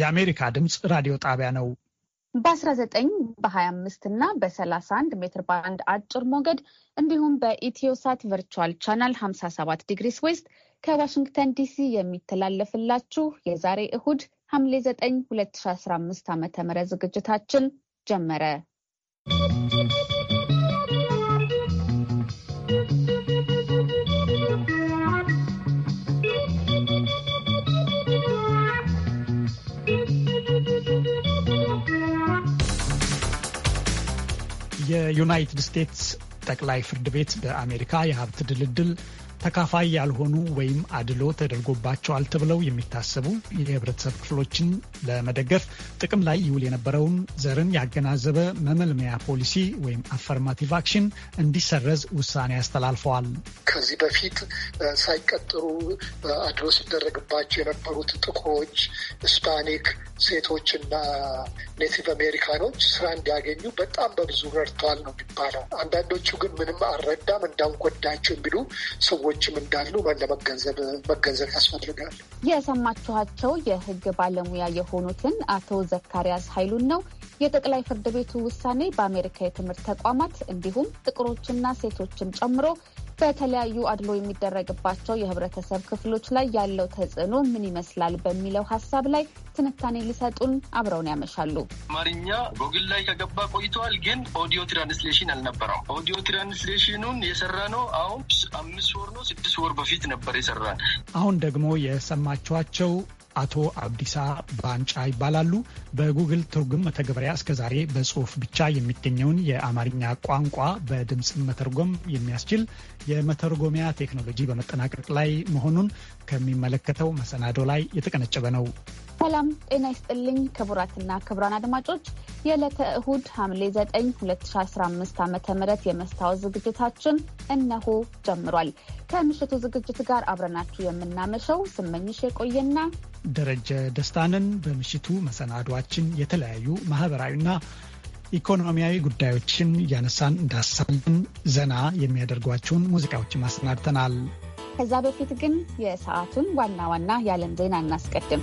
የአሜሪካ ድምፅ ራዲዮ ጣቢያ ነው። በ19 በ25 እና በ31 ሜትር ባንድ አጭር ሞገድ እንዲሁም በኢትዮሳት ቨርቹዋል ቻናል 57 ዲግሪስ ዌስት ከዋሽንግተን ዲሲ የሚተላለፍላችሁ የዛሬ እሁድ ሐምሌ 9 2015 ዓ ም ዝግጅታችን ጀመረ። የዩናይትድ ስቴትስ ጠቅላይ ፍርድ ቤት በአሜሪካ የሀብት ድልድል ተካፋይ ያልሆኑ ወይም አድሎ ተደርጎባቸዋል ተብለው የሚታሰቡ የህብረተሰብ ክፍሎችን ለመደገፍ ጥቅም ላይ ይውል የነበረውን ዘርን ያገናዘበ መመልመያ ፖሊሲ ወይም አፈርማቲቭ አክሽን እንዲሰረዝ ውሳኔ አስተላልፈዋል። ከዚህ በፊት ሳይቀጥሩ አድሎ ሲደረግባቸው የነበሩት ጥቁሮች፣ ስፓኒክ ሴቶች እና ኔቲቭ አሜሪካኖች ስራ እንዲያገኙ በጣም በብዙ ረድተዋል ነው የሚባለው። አንዳንዶቹ ግን ምንም አልረዳም እንዳንጎዳቸው የሚሉ ሰዎች ሰዎችም እንዳሉ ለመገንዘብ መገንዘብ ያስፈልጋል። የሰማችኋቸው የህግ ባለሙያ የሆኑትን አቶ ዘካሪያስ ኃይሉን ነው። የጠቅላይ ፍርድ ቤቱ ውሳኔ በአሜሪካ የትምህርት ተቋማት እንዲሁም ጥቁሮችና ሴቶችን ጨምሮ በተለያዩ አድሎ የሚደረግባቸው የህብረተሰብ ክፍሎች ላይ ያለው ተጽዕኖ ምን ይመስላል በሚለው ሀሳብ ላይ ትንታኔ ሊሰጡን አብረውን ያመሻሉ። አማርኛ ጎግል ላይ ከገባ ቆይተዋል፣ ግን ኦዲዮ ትራንስሌሽን አልነበረም። ኦዲዮ ትራንስሌሽኑን የሰራ ነው አሁን አምስት ወር ነው ስድስት ወር በፊት ነበር የሰራ አሁን ደግሞ የሰማችኋቸው አቶ አብዲሳ ባንጫ ይባላሉ። በጉግል ትርጉም መተግበሪያ እስከዛሬ በጽሁፍ ብቻ የሚገኘውን የአማርኛ ቋንቋ በድምፅ መተርጎም የሚያስችል የመተርጎሚያ ቴክኖሎጂ በመጠናቀቅ ላይ መሆኑን ከሚመለከተው መሰናዶ ላይ የተቀነጨበ ነው። ሰላም ጤና ይስጥልኝ ክቡራትና ክቡራን አድማጮች የዕለተ እሁድ ሐምሌ 9 2015 ዓ ም የመስታወት ዝግጅታችን እነሆ ጀምሯል። ከምሽቱ ዝግጅት ጋር አብረናችሁ የምናመሸው ስመኝሽ የቆየና ደረጀ ደስታንን። በምሽቱ መሰናዷችን የተለያዩ ማህበራዊና ኢኮኖሚያዊ ጉዳዮችን እያነሳን እንዳሳልን ዘና የሚያደርጓቸውን ሙዚቃዎችን አሰናድተናል። ከዛ በፊት ግን የሰዓቱን ዋና ዋና የዓለም ዜና እናስቀድም።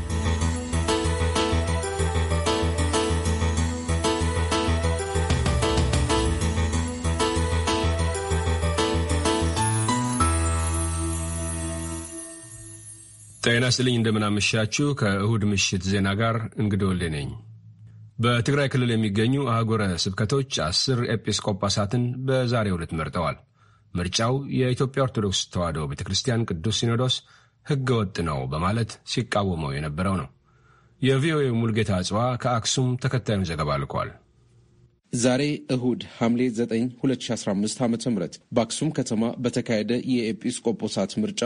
ጤና ስልኝ እንደምናመሻችሁ ከእሁድ ምሽት ዜና ጋር እንግዶል ነኝ። በትግራይ ክልል የሚገኙ አህጉረ ስብከቶች አስር ኤጲስቆጳሳትን በዛሬው ዕለት መርጠዋል። ምርጫው የኢትዮጵያ ኦርቶዶክስ ተዋሕዶ ቤተ ክርስቲያን ቅዱስ ሲኖዶስ ሕገ ወጥ ነው በማለት ሲቃወመው የነበረው ነው። የቪኦኤ ሙልጌታ አጽዋ ከአክሱም ተከታዩን ዘገባ ልኳል። ዛሬ እሁድ ሐምሌ 9 2015 ዓ ም በአክሱም ከተማ በተካሄደ የኤጲስቆጶሳት ምርጫ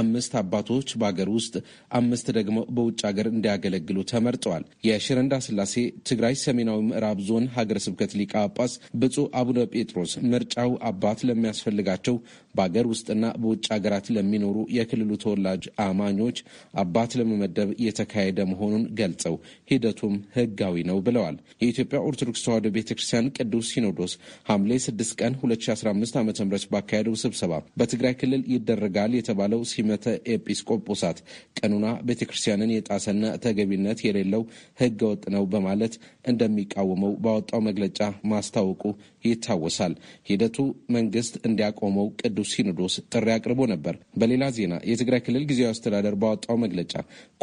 አምስት አባቶች በአገር ውስጥ አምስት ደግሞ በውጭ ሀገር እንዲያገለግሉ ተመርጠዋል። የሽረንዳ ስላሴ ትግራይ ሰሜናዊ ምዕራብ ዞን ሀገረ ስብከት ሊቀ ጳጳስ ብፁዕ አቡነ ጴጥሮስ ምርጫው አባት ለሚያስፈልጋቸው በአገር ውስጥና በውጭ ሀገራት ለሚኖሩ የክልሉ ተወላጅ አማኞች አባት ለመመደብ የተካሄደ መሆኑን ገልጸው ሂደቱም ህጋዊ ነው ብለዋል። የኢትዮጵያ ኦርቶዶክስ ተዋሕዶ ቤተክርስቲያን ቅዱስ ሲኖዶስ ሐምሌ 6 ቀን 2015 ዓ ም ባካሄደው ስብሰባ በትግራይ ክልል ይደረጋል የተባለው ርኪመተ ኤጲስቆጶሳት ቀኑና ቤተ ክርስቲያንን የጣሰና ተገቢነት የሌለው ህገ ወጥ ነው በማለት እንደሚቃወመው ባወጣው መግለጫ ማስታወቁ ይታወሳል። ሂደቱ መንግስት እንዲያቆመው ቅዱስ ሲኖዶስ ጥሪ አቅርቦ ነበር። በሌላ ዜና የትግራይ ክልል ጊዜያዊ አስተዳደር ባወጣው መግለጫ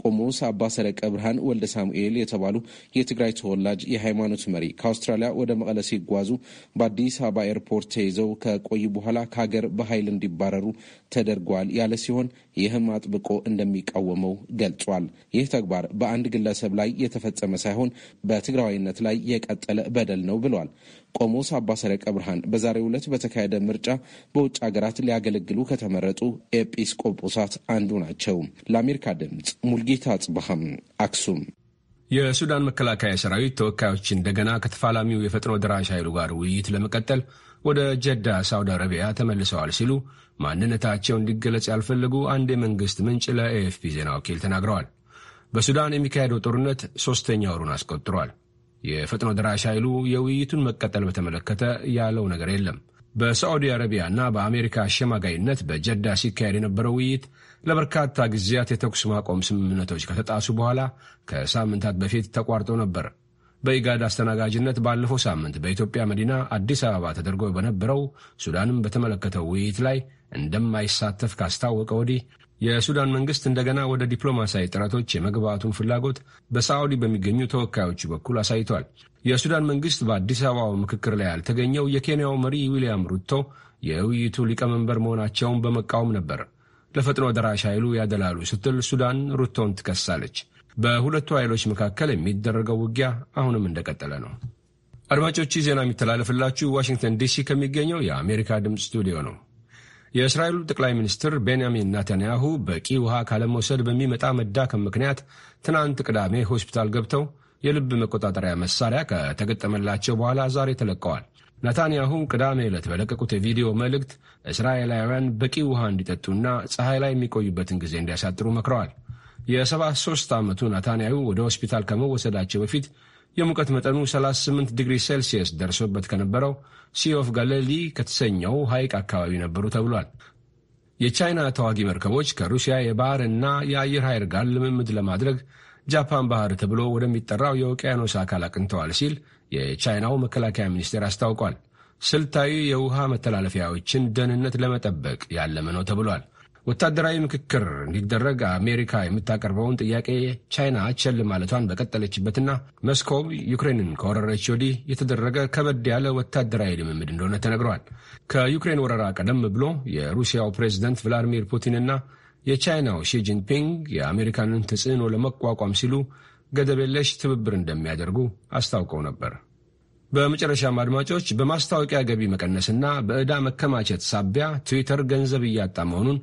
ቆሞስ አባ ሰረቀ ብርሃን ወልደ ሳሙኤል የተባሉ የትግራይ ተወላጅ የሃይማኖት መሪ ከአውስትራሊያ ወደ መቀለ ሲጓዙ በአዲስ አበባ ኤርፖርት ተይዘው ከቆዩ በኋላ ከሀገር በኃይል እንዲባረሩ ተደርጓል ያለ ሲሆን ይህም አጥብቆ እንደሚቃወመው ገልጿል። ይህ ተግባር በአንድ ግለሰብ ላይ የተፈጸመ ሳይሆን በትግራዋይነት ላይ የቀጠለ በደል ነው ብሏል። ቆሞስ አባ ሰረቀ ብርሃን በዛሬው ዕለት በተካሄደ ምርጫ በውጭ ሀገራት ሊያገለግሉ ከተመረጡ ኤጲስቆጶሳት አንዱ ናቸው። ለአሜሪካ ድምፅ ሙልጌታ አጽብሃም አክሱም። የሱዳን መከላከያ ሰራዊት ተወካዮች እንደገና ከተፋላሚው የፈጥኖ ደራሽ ኃይሉ ጋር ውይይት ለመቀጠል ወደ ጀዳ ሳውዲ አረቢያ ተመልሰዋል ሲሉ ማንነታቸው እንዲገለጽ ያልፈለጉ አንድ የመንግሥት ምንጭ ለኤኤፍፒ ዜና ወኪል ተናግረዋል። በሱዳን የሚካሄደው ጦርነት ሦስተኛ ወሩን አስቆጥሯል። የፈጥኖ ደራሽ ኃይሉ የውይይቱን መቀጠል በተመለከተ ያለው ነገር የለም። በሳዑዲ አረቢያ እና በአሜሪካ አሸማጋይነት በጀዳ ሲካሄድ የነበረው ውይይት ለበርካታ ጊዜያት የተኩስ ማቆም ስምምነቶች ከተጣሱ በኋላ ከሳምንታት በፊት ተቋርጦ ነበር። በኢጋድ አስተናጋጅነት ባለፈው ሳምንት በኢትዮጵያ መዲና አዲስ አበባ ተደርጎ በነበረው ሱዳንም በተመለከተው ውይይት ላይ እንደማይሳተፍ ካስታወቀ ወዲህ የሱዳን መንግስት እንደገና ወደ ዲፕሎማሲያዊ ጥረቶች የመግባቱን ፍላጎት በሳዑዲ በሚገኙ ተወካዮቹ በኩል አሳይቷል። የሱዳን መንግስት በአዲስ አበባው ምክክር ላይ ያልተገኘው የኬንያው መሪ ዊልያም ሩቶ የውይይቱ ሊቀመንበር መሆናቸውን በመቃወም ነበር። ለፈጥኖ ደራሽ ኃይሉ ያደላሉ ስትል ሱዳን ሩቶን ትከሳለች። በሁለቱ ኃይሎች መካከል የሚደረገው ውጊያ አሁንም እንደቀጠለ ነው። አድማጮች ዜና የሚተላለፍላችሁ ዋሽንግተን ዲሲ ከሚገኘው የአሜሪካ ድምፅ ስቱዲዮ ነው። የእስራኤሉ ጠቅላይ ሚኒስትር ቤንያሚን ናታንያሁ በቂ ውሃ ካለመውሰድ በሚመጣ መዳከም ምክንያት ትናንት ቅዳሜ ሆስፒታል ገብተው የልብ መቆጣጠሪያ መሳሪያ ከተገጠመላቸው በኋላ ዛሬ ተለቀዋል። ናታንያሁ ቅዳሜ ዕለት በለቀቁት የቪዲዮ መልእክት እስራኤላውያን በቂ ውሃ እንዲጠጡና ፀሐይ ላይ የሚቆዩበትን ጊዜ እንዲያሳጥሩ መክረዋል። የ73 ዓመቱ ናታንያዩ ወደ ሆስፒታል ከመወሰዳቸው በፊት የሙቀት መጠኑ 38 ዲግሪ ሴልሲየስ ደርሶበት ከነበረው ሲዮፍ ጋሌሊ ከተሰኘው ሐይቅ አካባቢ ነበሩ ተብሏል። የቻይና ተዋጊ መርከቦች ከሩሲያ የባሕርና የአየር ኃይል ጋር ልምምድ ለማድረግ ጃፓን ባህር ተብሎ ወደሚጠራው የውቅያኖስ አካል አቅንተዋል ሲል የቻይናው መከላከያ ሚኒስቴር አስታውቋል። ስልታዊ የውሃ መተላለፊያዎችን ደህንነት ለመጠበቅ ያለመ ነው ተብሏል። ወታደራዊ ምክክር እንዲደረግ አሜሪካ የምታቀርበውን ጥያቄ ቻይና ቸል ማለቷን በቀጠለችበትና መስኮብ ዩክሬንን ከወረረች ወዲህ የተደረገ ከበድ ያለ ወታደራዊ ልምምድ እንደሆነ ተነግሯል። ከዩክሬን ወረራ ቀደም ብሎ የሩሲያው ፕሬዝደንት ቭላዲሚር ፑቲንና የቻይናው ሺጂንፒንግ የአሜሪካንን ተጽዕኖ ለመቋቋም ሲሉ ገደብ የለሽ ትብብር እንደሚያደርጉ አስታውቀው ነበር። በመጨረሻም አድማጮች በማስታወቂያ ገቢ መቀነስና በዕዳ መከማቸት ሳቢያ ትዊተር ገንዘብ እያጣ መሆኑን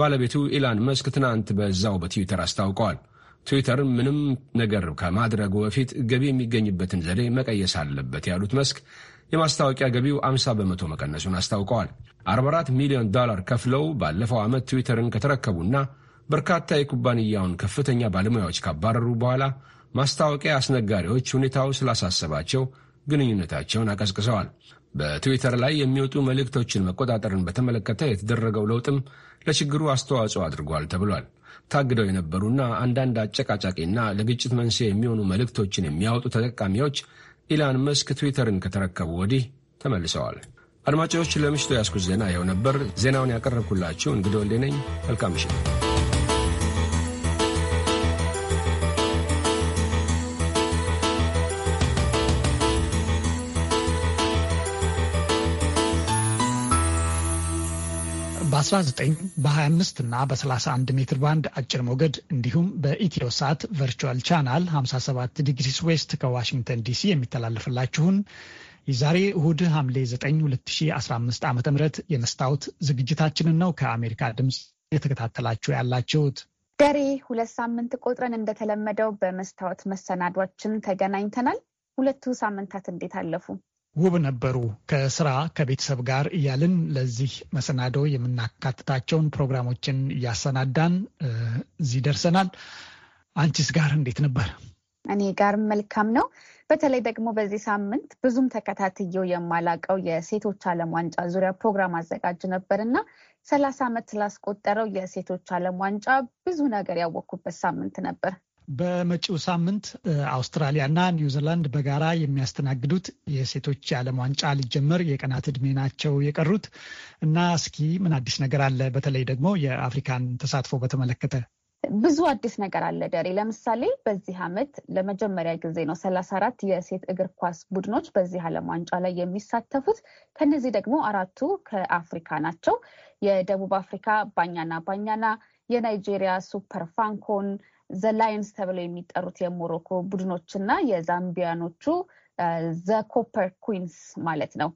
ባለቤቱ ኢላን መስክ ትናንት በዛው በትዊተር አስታውቀዋል። ትዊተር ምንም ነገር ከማድረጉ በፊት ገቢ የሚገኝበትን ዘዴ መቀየስ አለበት ያሉት መስክ የማስታወቂያ ገቢው 50 በመቶ መቀነሱን አስታውቀዋል። 44 ሚሊዮን ዶላር ከፍለው ባለፈው ዓመት ትዊተርን ከተረከቡና በርካታ የኩባንያውን ከፍተኛ ባለሙያዎች ካባረሩ በኋላ ማስታወቂያ አስነጋሪዎች ሁኔታው ስላሳሰባቸው ግንኙነታቸውን አቀዝቅዘዋል። በትዊተር ላይ የሚወጡ መልእክቶችን መቆጣጠርን በተመለከተ የተደረገው ለውጥም ለችግሩ አስተዋጽኦ አድርጓል ተብሏል። ታግደው የነበሩና አንዳንድ አጨቃጫቂና ለግጭት መንስኤ የሚሆኑ መልእክቶችን የሚያወጡ ተጠቃሚዎች ኢላን መስክ ትዊተርን ከተረከቡ ወዲህ ተመልሰዋል። አድማጮች፣ ለምሽቱ ያስኩት ዜና ይኸው ነበር። ዜናውን ያቀረብኩላችሁ እንግዲህ ወልዴ ነኝ። መልካም ምሽት። በ19 በ25 እና በ31 ሜትር ባንድ አጭር ሞገድ እንዲሁም በኢትዮ ሳት ቨርቹዋል ቻናል 57 ዲግሪስ ዌስት ከዋሽንግተን ዲሲ የሚተላለፍላችሁን የዛሬ እሁድ ሐምሌ 9 2015 ዓ ም የመስታወት ዝግጅታችንን ነው ከአሜሪካ ድምፅ የተከታተላችሁ ያላችሁት። ደሬ ሁለት ሳምንት ቆጥረን እንደተለመደው በመስታወት መሰናዷችን ተገናኝተናል። ሁለቱ ሳምንታት እንዴት አለፉ? ውብ ነበሩ። ከስራ ከቤተሰብ ጋር እያልን ለዚህ መሰናዶ የምናካትታቸውን ፕሮግራሞችን እያሰናዳን እዚህ ደርሰናል። አንቺስ ጋር እንዴት ነበር? እኔ ጋር መልካም ነው። በተለይ ደግሞ በዚህ ሳምንት ብዙም ተከታትየው የማላቀው የሴቶች ዓለም ዋንጫ ዙሪያ ፕሮግራም አዘጋጅ ነበር እና ሰላሳ ዓመት ስላስቆጠረው የሴቶች ዓለም ዋንጫ ብዙ ነገር ያወቅኩበት ሳምንት ነበር። በመጪው ሳምንት አውስትራሊያና ኒውዚላንድ በጋራ የሚያስተናግዱት የሴቶች የዓለም ዋንጫ ሊጀመር የቀናት ዕድሜ ናቸው የቀሩት እና እስኪ ምን አዲስ ነገር አለ? በተለይ ደግሞ የአፍሪካን ተሳትፎ በተመለከተ ብዙ አዲስ ነገር አለ ደሬ። ለምሳሌ በዚህ ዓመት ለመጀመሪያ ጊዜ ነው ሰላሳ አራት የሴት እግር ኳስ ቡድኖች በዚህ ዓለም ዋንጫ ላይ የሚሳተፉት። ከነዚህ ደግሞ አራቱ ከአፍሪካ ናቸው። የደቡብ አፍሪካ ባኛና ባኛና፣ የናይጄሪያ ሱፐር ፋንኮን ዘላይንስ ተብለው የሚጠሩት የሞሮኮ ቡድኖች እና የዛምቢያኖቹ ዘ ኮፐር ኩዊንስ ማለት ነው።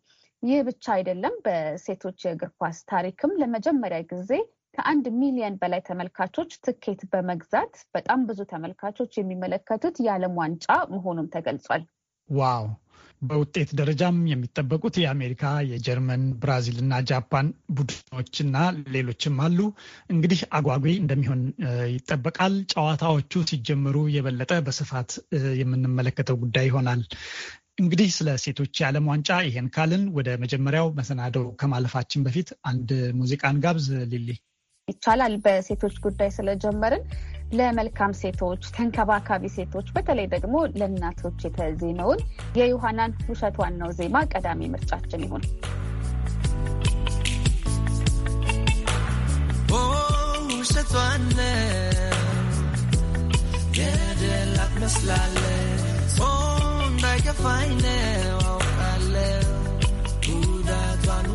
ይህ ብቻ አይደለም። በሴቶች የእግር ኳስ ታሪክም ለመጀመሪያ ጊዜ ከአንድ ሚሊዮን በላይ ተመልካቾች ትኬት በመግዛት በጣም ብዙ ተመልካቾች የሚመለከቱት የዓለም ዋንጫ መሆኑም ተገልጿል። ዋው በውጤት ደረጃም የሚጠበቁት የአሜሪካ፣ የጀርመን፣ ብራዚልና ጃፓን ቡድኖችና ሌሎችም አሉ። እንግዲህ አጓጊ እንደሚሆን ይጠበቃል። ጨዋታዎቹ ሲጀመሩ የበለጠ በስፋት የምንመለከተው ጉዳይ ይሆናል። እንግዲህ ስለ ሴቶች የዓለም ዋንጫ ይሄን ካልን ወደ መጀመሪያው መሰናደው ከማለፋችን በፊት አንድ ሙዚቃን ጋብዝ ሊሊ። ይቻላል በሴቶች ጉዳይ ስለጀመርን ለመልካም ሴቶች ተንከባካቢ ሴቶች በተለይ ደግሞ ለእናቶች የተዜመውን የዮሐናን ውሸት ዋናው ዜማ ቀዳሚ ምርጫችን ይሁን። ውሸት ዋነ ገደል ጉዳቷን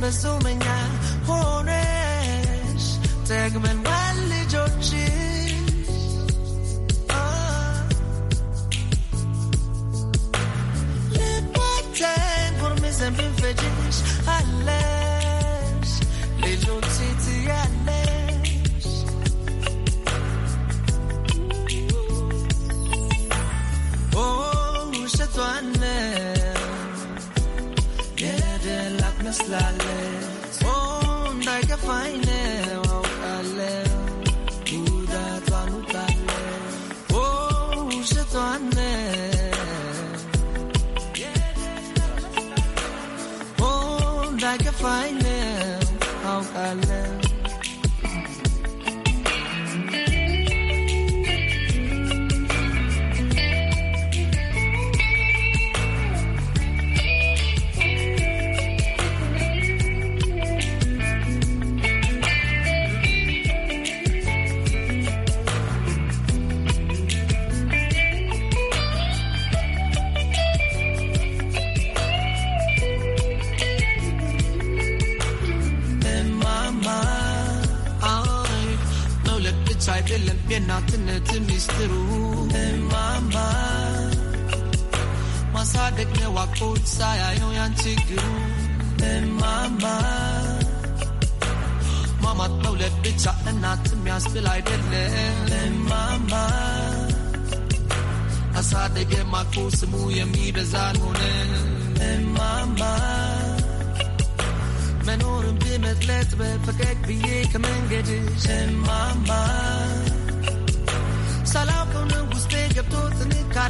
me so menya honesh tag wali jochi le patte por mes amis fetish le jochi ስላለ እንዳይከፋኝ ነው አውቃለሁ። ጉዳቷን ውቃለሁ ውሸቷን እንዳይከፋኝ ነው አውቃለሁ ሚስጥሩ እማማ ማሳደግ ነው አቆት ሳያዩ ያን ችግሩ እማማ ማማት መውለድ ብቻ እናት የሚያስብል አይደለም እማማ አሳደገ ማቆ ስሙ የሚበዛ ሆነ እማማ መኖርም ብመጥለት በፈገግ ብዬ ከመንገድ እማማ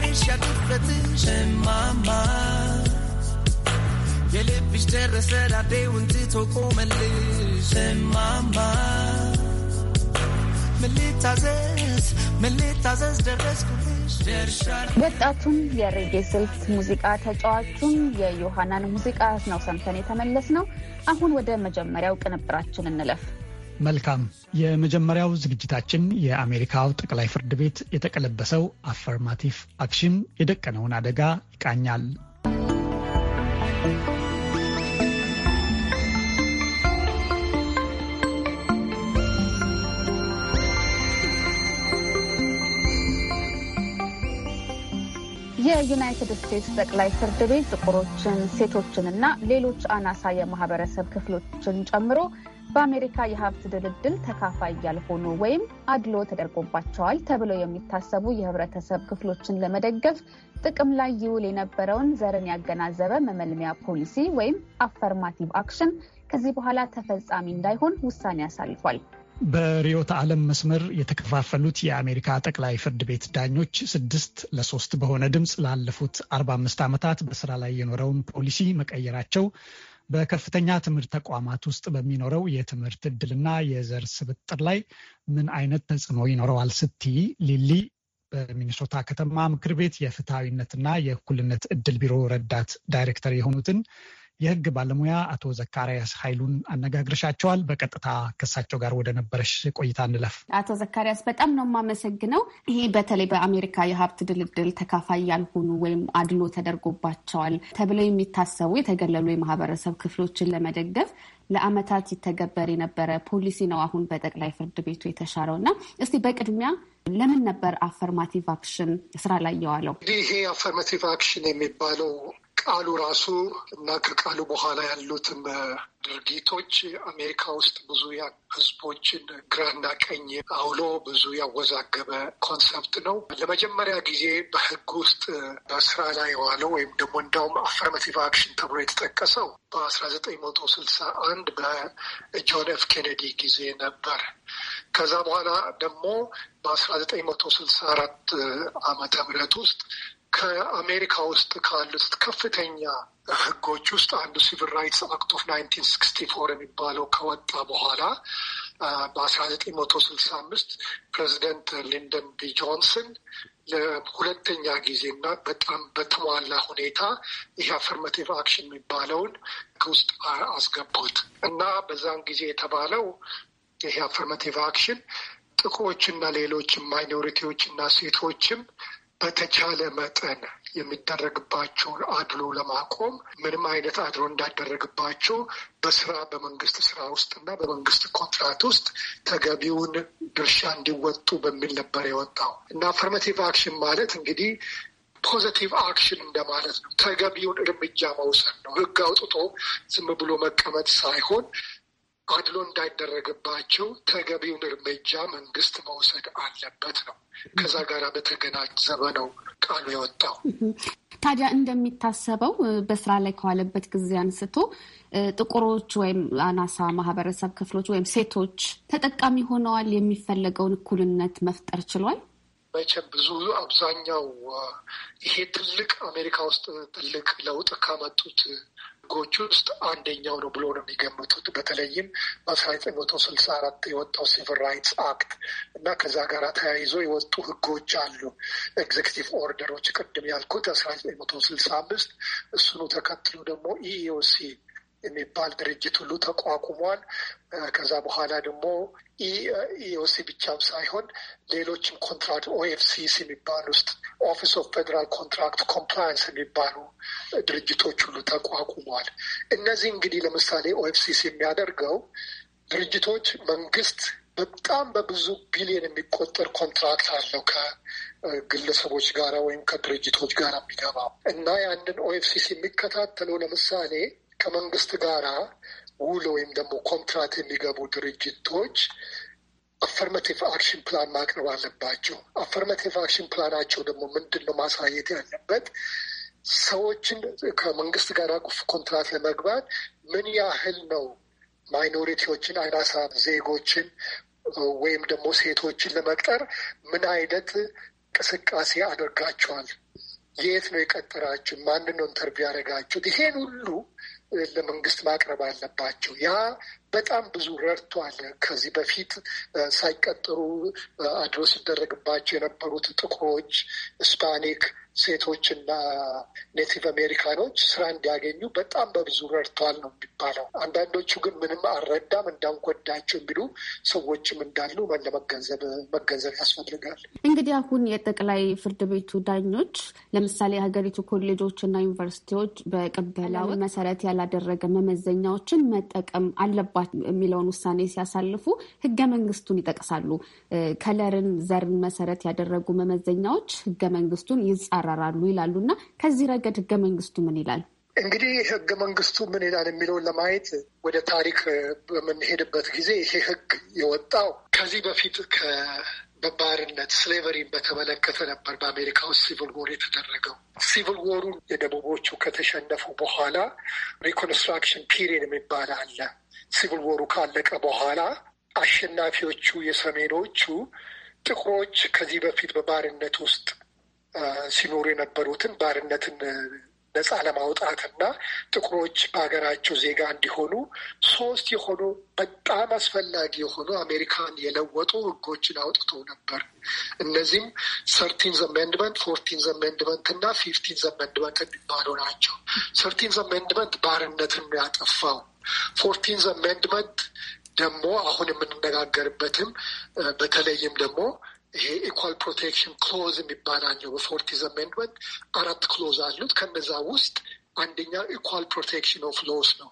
ልብሽ ያደፈትሽ እማማ የልብሽ ደረሰ ዳዴውን ትቶ ቆመልሽ እማማ ወጣቱን የሬጌ ስልት ሙዚቃ ተጫዋቹን የዮሐናን ሙዚቃ ነው ሰምተን የተመለስ ነው። አሁን ወደ መጀመሪያው ቅንብራችን እንለፍ። መልካም። የመጀመሪያው ዝግጅታችን የአሜሪካው ጠቅላይ ፍርድ ቤት የተቀለበሰው አፈርማቲቭ አክሽን የደቀነውን አደጋ ይቃኛል። የዩናይትድ ስቴትስ ጠቅላይ ፍርድ ቤት ጥቁሮችን፣ ሴቶችንና ሌሎች አናሳ የማህበረሰብ ክፍሎችን ጨምሮ በአሜሪካ የሀብት ድልድል ተካፋይ ያልሆኑ ወይም አድሎ ተደርጎባቸዋል ተብለው የሚታሰቡ የህብረተሰብ ክፍሎችን ለመደገፍ ጥቅም ላይ ይውል የነበረውን ዘርን ያገናዘበ መመልሚያ ፖሊሲ ወይም አፈርማቲቭ አክሽን ከዚህ በኋላ ተፈጻሚ እንዳይሆን ውሳኔ አሳልፏል። በርዕዮተ ዓለም መስመር የተከፋፈሉት የአሜሪካ ጠቅላይ ፍርድ ቤት ዳኞች ስድስት ለሶስት በሆነ ድምፅ ላለፉት አርባ አምስት ዓመታት በስራ ላይ የኖረውን ፖሊሲ መቀየራቸው በከፍተኛ ትምህርት ተቋማት ውስጥ በሚኖረው የትምህርት እድልና የዘር ስብጥር ላይ ምን አይነት ተጽዕኖ ይኖረዋል? ስቲ ሊሊ በሚኒሶታ ከተማ ምክር ቤት የፍትሐዊነትና የእኩልነት እድል ቢሮ ረዳት ዳይሬክተር የሆኑትን የህግ ባለሙያ አቶ ዘካሪያስ ኃይሉን አነጋግርሻቸዋል። በቀጥታ ከሳቸው ጋር ወደ ነበረሽ ቆይታ እንለፍ። አቶ ዘካሪያስ በጣም ነው የማመሰግነው። ይሄ በተለይ በአሜሪካ የሀብት ድልድል ተካፋይ ያልሆኑ ወይም አድሎ ተደርጎባቸዋል ተብለው የሚታሰቡ የተገለሉ የማህበረሰብ ክፍሎችን ለመደገፍ ለአመታት ይተገበር የነበረ ፖሊሲ ነው አሁን በጠቅላይ ፍርድ ቤቱ የተሻረው እና እስቲ በቅድሚያ ለምን ነበር አፈርማቲቭ አክሽን ስራ ላይ የዋለው? እንግዲህ ይሄ አፈርማቲቭ አክሽን የሚባለው ቃሉ ራሱ እና ከቃሉ በኋላ ያሉትም ድርጊቶች አሜሪካ ውስጥ ብዙ ህዝቦችን ግራና ቀኝ አውሎ ብዙ ያወዛገበ ኮንሰፕት ነው። ለመጀመሪያ ጊዜ በህግ ውስጥ በስራ ላይ የዋለው ወይም ደግሞ እንዲያውም አፈርማቲቭ አክሽን ተብሎ የተጠቀሰው በአስራ ዘጠኝ መቶ ስልሳ አንድ በጆን ኤፍ ኬኔዲ ጊዜ ነበር። ከዛ በኋላ ደግሞ በአስራ ዘጠኝ መቶ ስልሳ አራት አመተ ምህረት ውስጥ ከአሜሪካ ውስጥ ካሉት ከፍተኛ ህጎች ውስጥ አንዱ ሲቪል ራይትስ አክት ኦፍ ናይንቲን ስክስቲ ፎር የሚባለው ከወጣ በኋላ በአስራ ዘጠኝ መቶ ስልሳ አምስት ፕሬዚደንት ሊንደን ቢ ጆንሰን ለሁለተኛ እና በጣም በተሟላ ሁኔታ ይህ አፈርማቲቭ አክሽን የሚባለውን ውስጥ አስገቡት እና በዛን ጊዜ የተባለው ይህ አፈርማቲቭ አክሽን ጥቁሮችና ሌሎችም ማይኖሪቲዎችና ሴቶችም በተቻለ መጠን የሚደረግባቸውን አድሎ ለማቆም ምንም አይነት አድሎ እንዳደረግባቸው በስራ በመንግስት ስራ ውስጥና በመንግስት ኮንትራት ውስጥ ተገቢውን ድርሻ እንዲወጡ በሚል ነበር የወጣው እና አፈርማቲቭ አክሽን ማለት እንግዲህ ፖዘቲቭ አክሽን እንደማለት ነው። ተገቢውን እርምጃ መውሰድ ነው። ህግ አውጥቶ ዝም ብሎ መቀመጥ ሳይሆን አድሎ እንዳይደረግባቸው ተገቢውን እርምጃ መንግስት መውሰድ አለበት ነው። ከዛ ጋር በተገናዘበ ነው ቃሉ የወጣው። ታዲያ እንደሚታሰበው በስራ ላይ ከዋለበት ጊዜ አንስቶ ጥቁሮች ወይም አናሳ ማህበረሰብ ክፍሎች ወይም ሴቶች ተጠቃሚ ሆነዋል። የሚፈለገውን እኩልነት መፍጠር ችሏል። መቼም ብዙ አብዛኛው ይሄ ትልቅ አሜሪካ ውስጥ ትልቅ ለውጥ ካመጡት ህጎች ውስጥ አንደኛው ነው ብሎ ነው የሚገምቱት። በተለይም በአስራ ዘጠኝ መቶ ስልሳ አራት የወጣው ሲቪል ራይትስ አክት እና ከዛ ጋር ተያይዞ የወጡ ህጎች አሉ። ኤግዜክቲቭ ኦርደሮች ቅድም ያልኩት አስራ ዘጠኝ መቶ ስልሳ አምስት እሱኑ ተከትሎ ደግሞ ኢኢኦሲ e e የሚባል ድርጅት ሁሉ ተቋቁሟል። ከዛ በኋላ ደግሞ ኢኦሲ ብቻም ሳይሆን ሌሎችም ኮንትራክት ኦኤፍሲስ የሚባል ውስጥ ኦፊስ ኦፍ ፌዴራል ኮንትራክት ኮምፕላያንስ የሚባሉ ድርጅቶች ሁሉ ተቋቁሟል። እነዚህ እንግዲህ ለምሳሌ ኦኤፍሲስ የሚያደርገው ድርጅቶች መንግስት በጣም በብዙ ቢሊዮን የሚቆጠር ኮንትራክት አለው ከግለሰቦች ጋር ወይም ከድርጅቶች ጋር የሚገባው እና ያንን ኦኤፍሲስ የሚከታተለው ለምሳሌ ከመንግስት ጋራ ውል ወይም ደግሞ ኮንትራት የሚገቡ ድርጅቶች አፈርማቲቭ አክሽን ፕላን ማቅረብ አለባቸው። አፈርማቲቭ አክሽን ፕላናቸው ደግሞ ምንድን ነው ማሳየት ያለበት? ሰዎችን ከመንግስት ጋር አቁፍ ኮንትራት ለመግባት ምን ያህል ነው ማይኖሪቲዎችን፣ አናሳ ዜጎችን ወይም ደግሞ ሴቶችን ለመቅጠር ምን አይነት እንቅስቃሴ አድርጋቸዋል? የት ነው የቀጠራችሁ? ማንን ነው ኢንተርቪው ያደረጋችሁት? ይሄን ሁሉ ለመንግስት ማቅረብ አለባቸው። ያ በጣም ብዙ ረድቷል። ከዚህ በፊት ሳይቀጠሩ አድሮ ሲደረግባቸው የነበሩት ጥቁሮች፣ ስፓኒክ ሴቶችና ኔቲቭ አሜሪካኖች ስራ እንዲያገኙ በጣም በብዙ ረድተዋል ነው የሚባለው። አንዳንዶቹ ግን ምንም አልረዳም እንዳንጎዳቸው የሚሉ ሰዎችም እንዳሉ ለመገንዘብ መገንዘብ ያስፈልጋል። እንግዲህ አሁን የጠቅላይ ፍርድ ቤቱ ዳኞች ለምሳሌ የሀገሪቱ ኮሌጆች እና ዩኒቨርሲቲዎች በቅበላው መሰረት ያላደረገ መመዘኛዎችን መጠቀም አለባት የሚለውን ውሳኔ ሲያሳልፉ ህገ መንግስቱን ይጠቅሳሉ። ከለርን፣ ዘርን መሰረት ያደረጉ መመዘኛዎች ህገ መንግስቱን ይጻ ይጻረራሉ ይላሉ እና ከዚህ ረገድ ህገ መንግስቱ ምን ይላል? እንግዲህ ህገ መንግስቱ ምን ይላል የሚለውን ለማየት ወደ ታሪክ በምንሄድበት ጊዜ ይሄ ህግ የወጣው ከዚህ በፊት ከባርነት ስሌቨሪን በተመለከተ ነበር። በአሜሪካ ውስጥ ሲቪል ወር የተደረገው ሲቪል ወሩ የደቡቦቹ ከተሸነፉ በኋላ ሪኮንስትራክሽን ፒሪየድ የሚባል አለ። ሲቪል ወሩ ካለቀ በኋላ አሸናፊዎቹ የሰሜኖቹ ጥቁሮች ከዚህ በፊት በባርነት ውስጥ ሲኖሩ የነበሩትን ባርነትን ነጻ ለማውጣትና ጥቁሮች በሀገራቸው ዜጋ እንዲሆኑ ሶስት የሆኑ በጣም አስፈላጊ የሆኑ አሜሪካን የለወጡ ህጎችን አውጥቶ ነበር። እነዚህም ሰርቲን ዘመንድመንት፣ ፎርቲን ዘመንድመንት እና ፊፍቲን ዘመንድመንት የሚባሉ ናቸው። ሰርቲን ዘመንድመንት ባርነትን ያጠፋው፣ ፎርቲን ዘመንድመንት ደግሞ አሁን የምንነጋገርበትም በተለይም ደግሞ ይሄ ኢኳል ፕሮቴክሽን ክሎዝ የሚባላኘው በፎርቲዝ አሜንድመንት አራት ክሎዝ አሉት። ከነዛ ውስጥ አንደኛው ኢኳል ፕሮቴክሽን ኦፍ ሎስ ነው።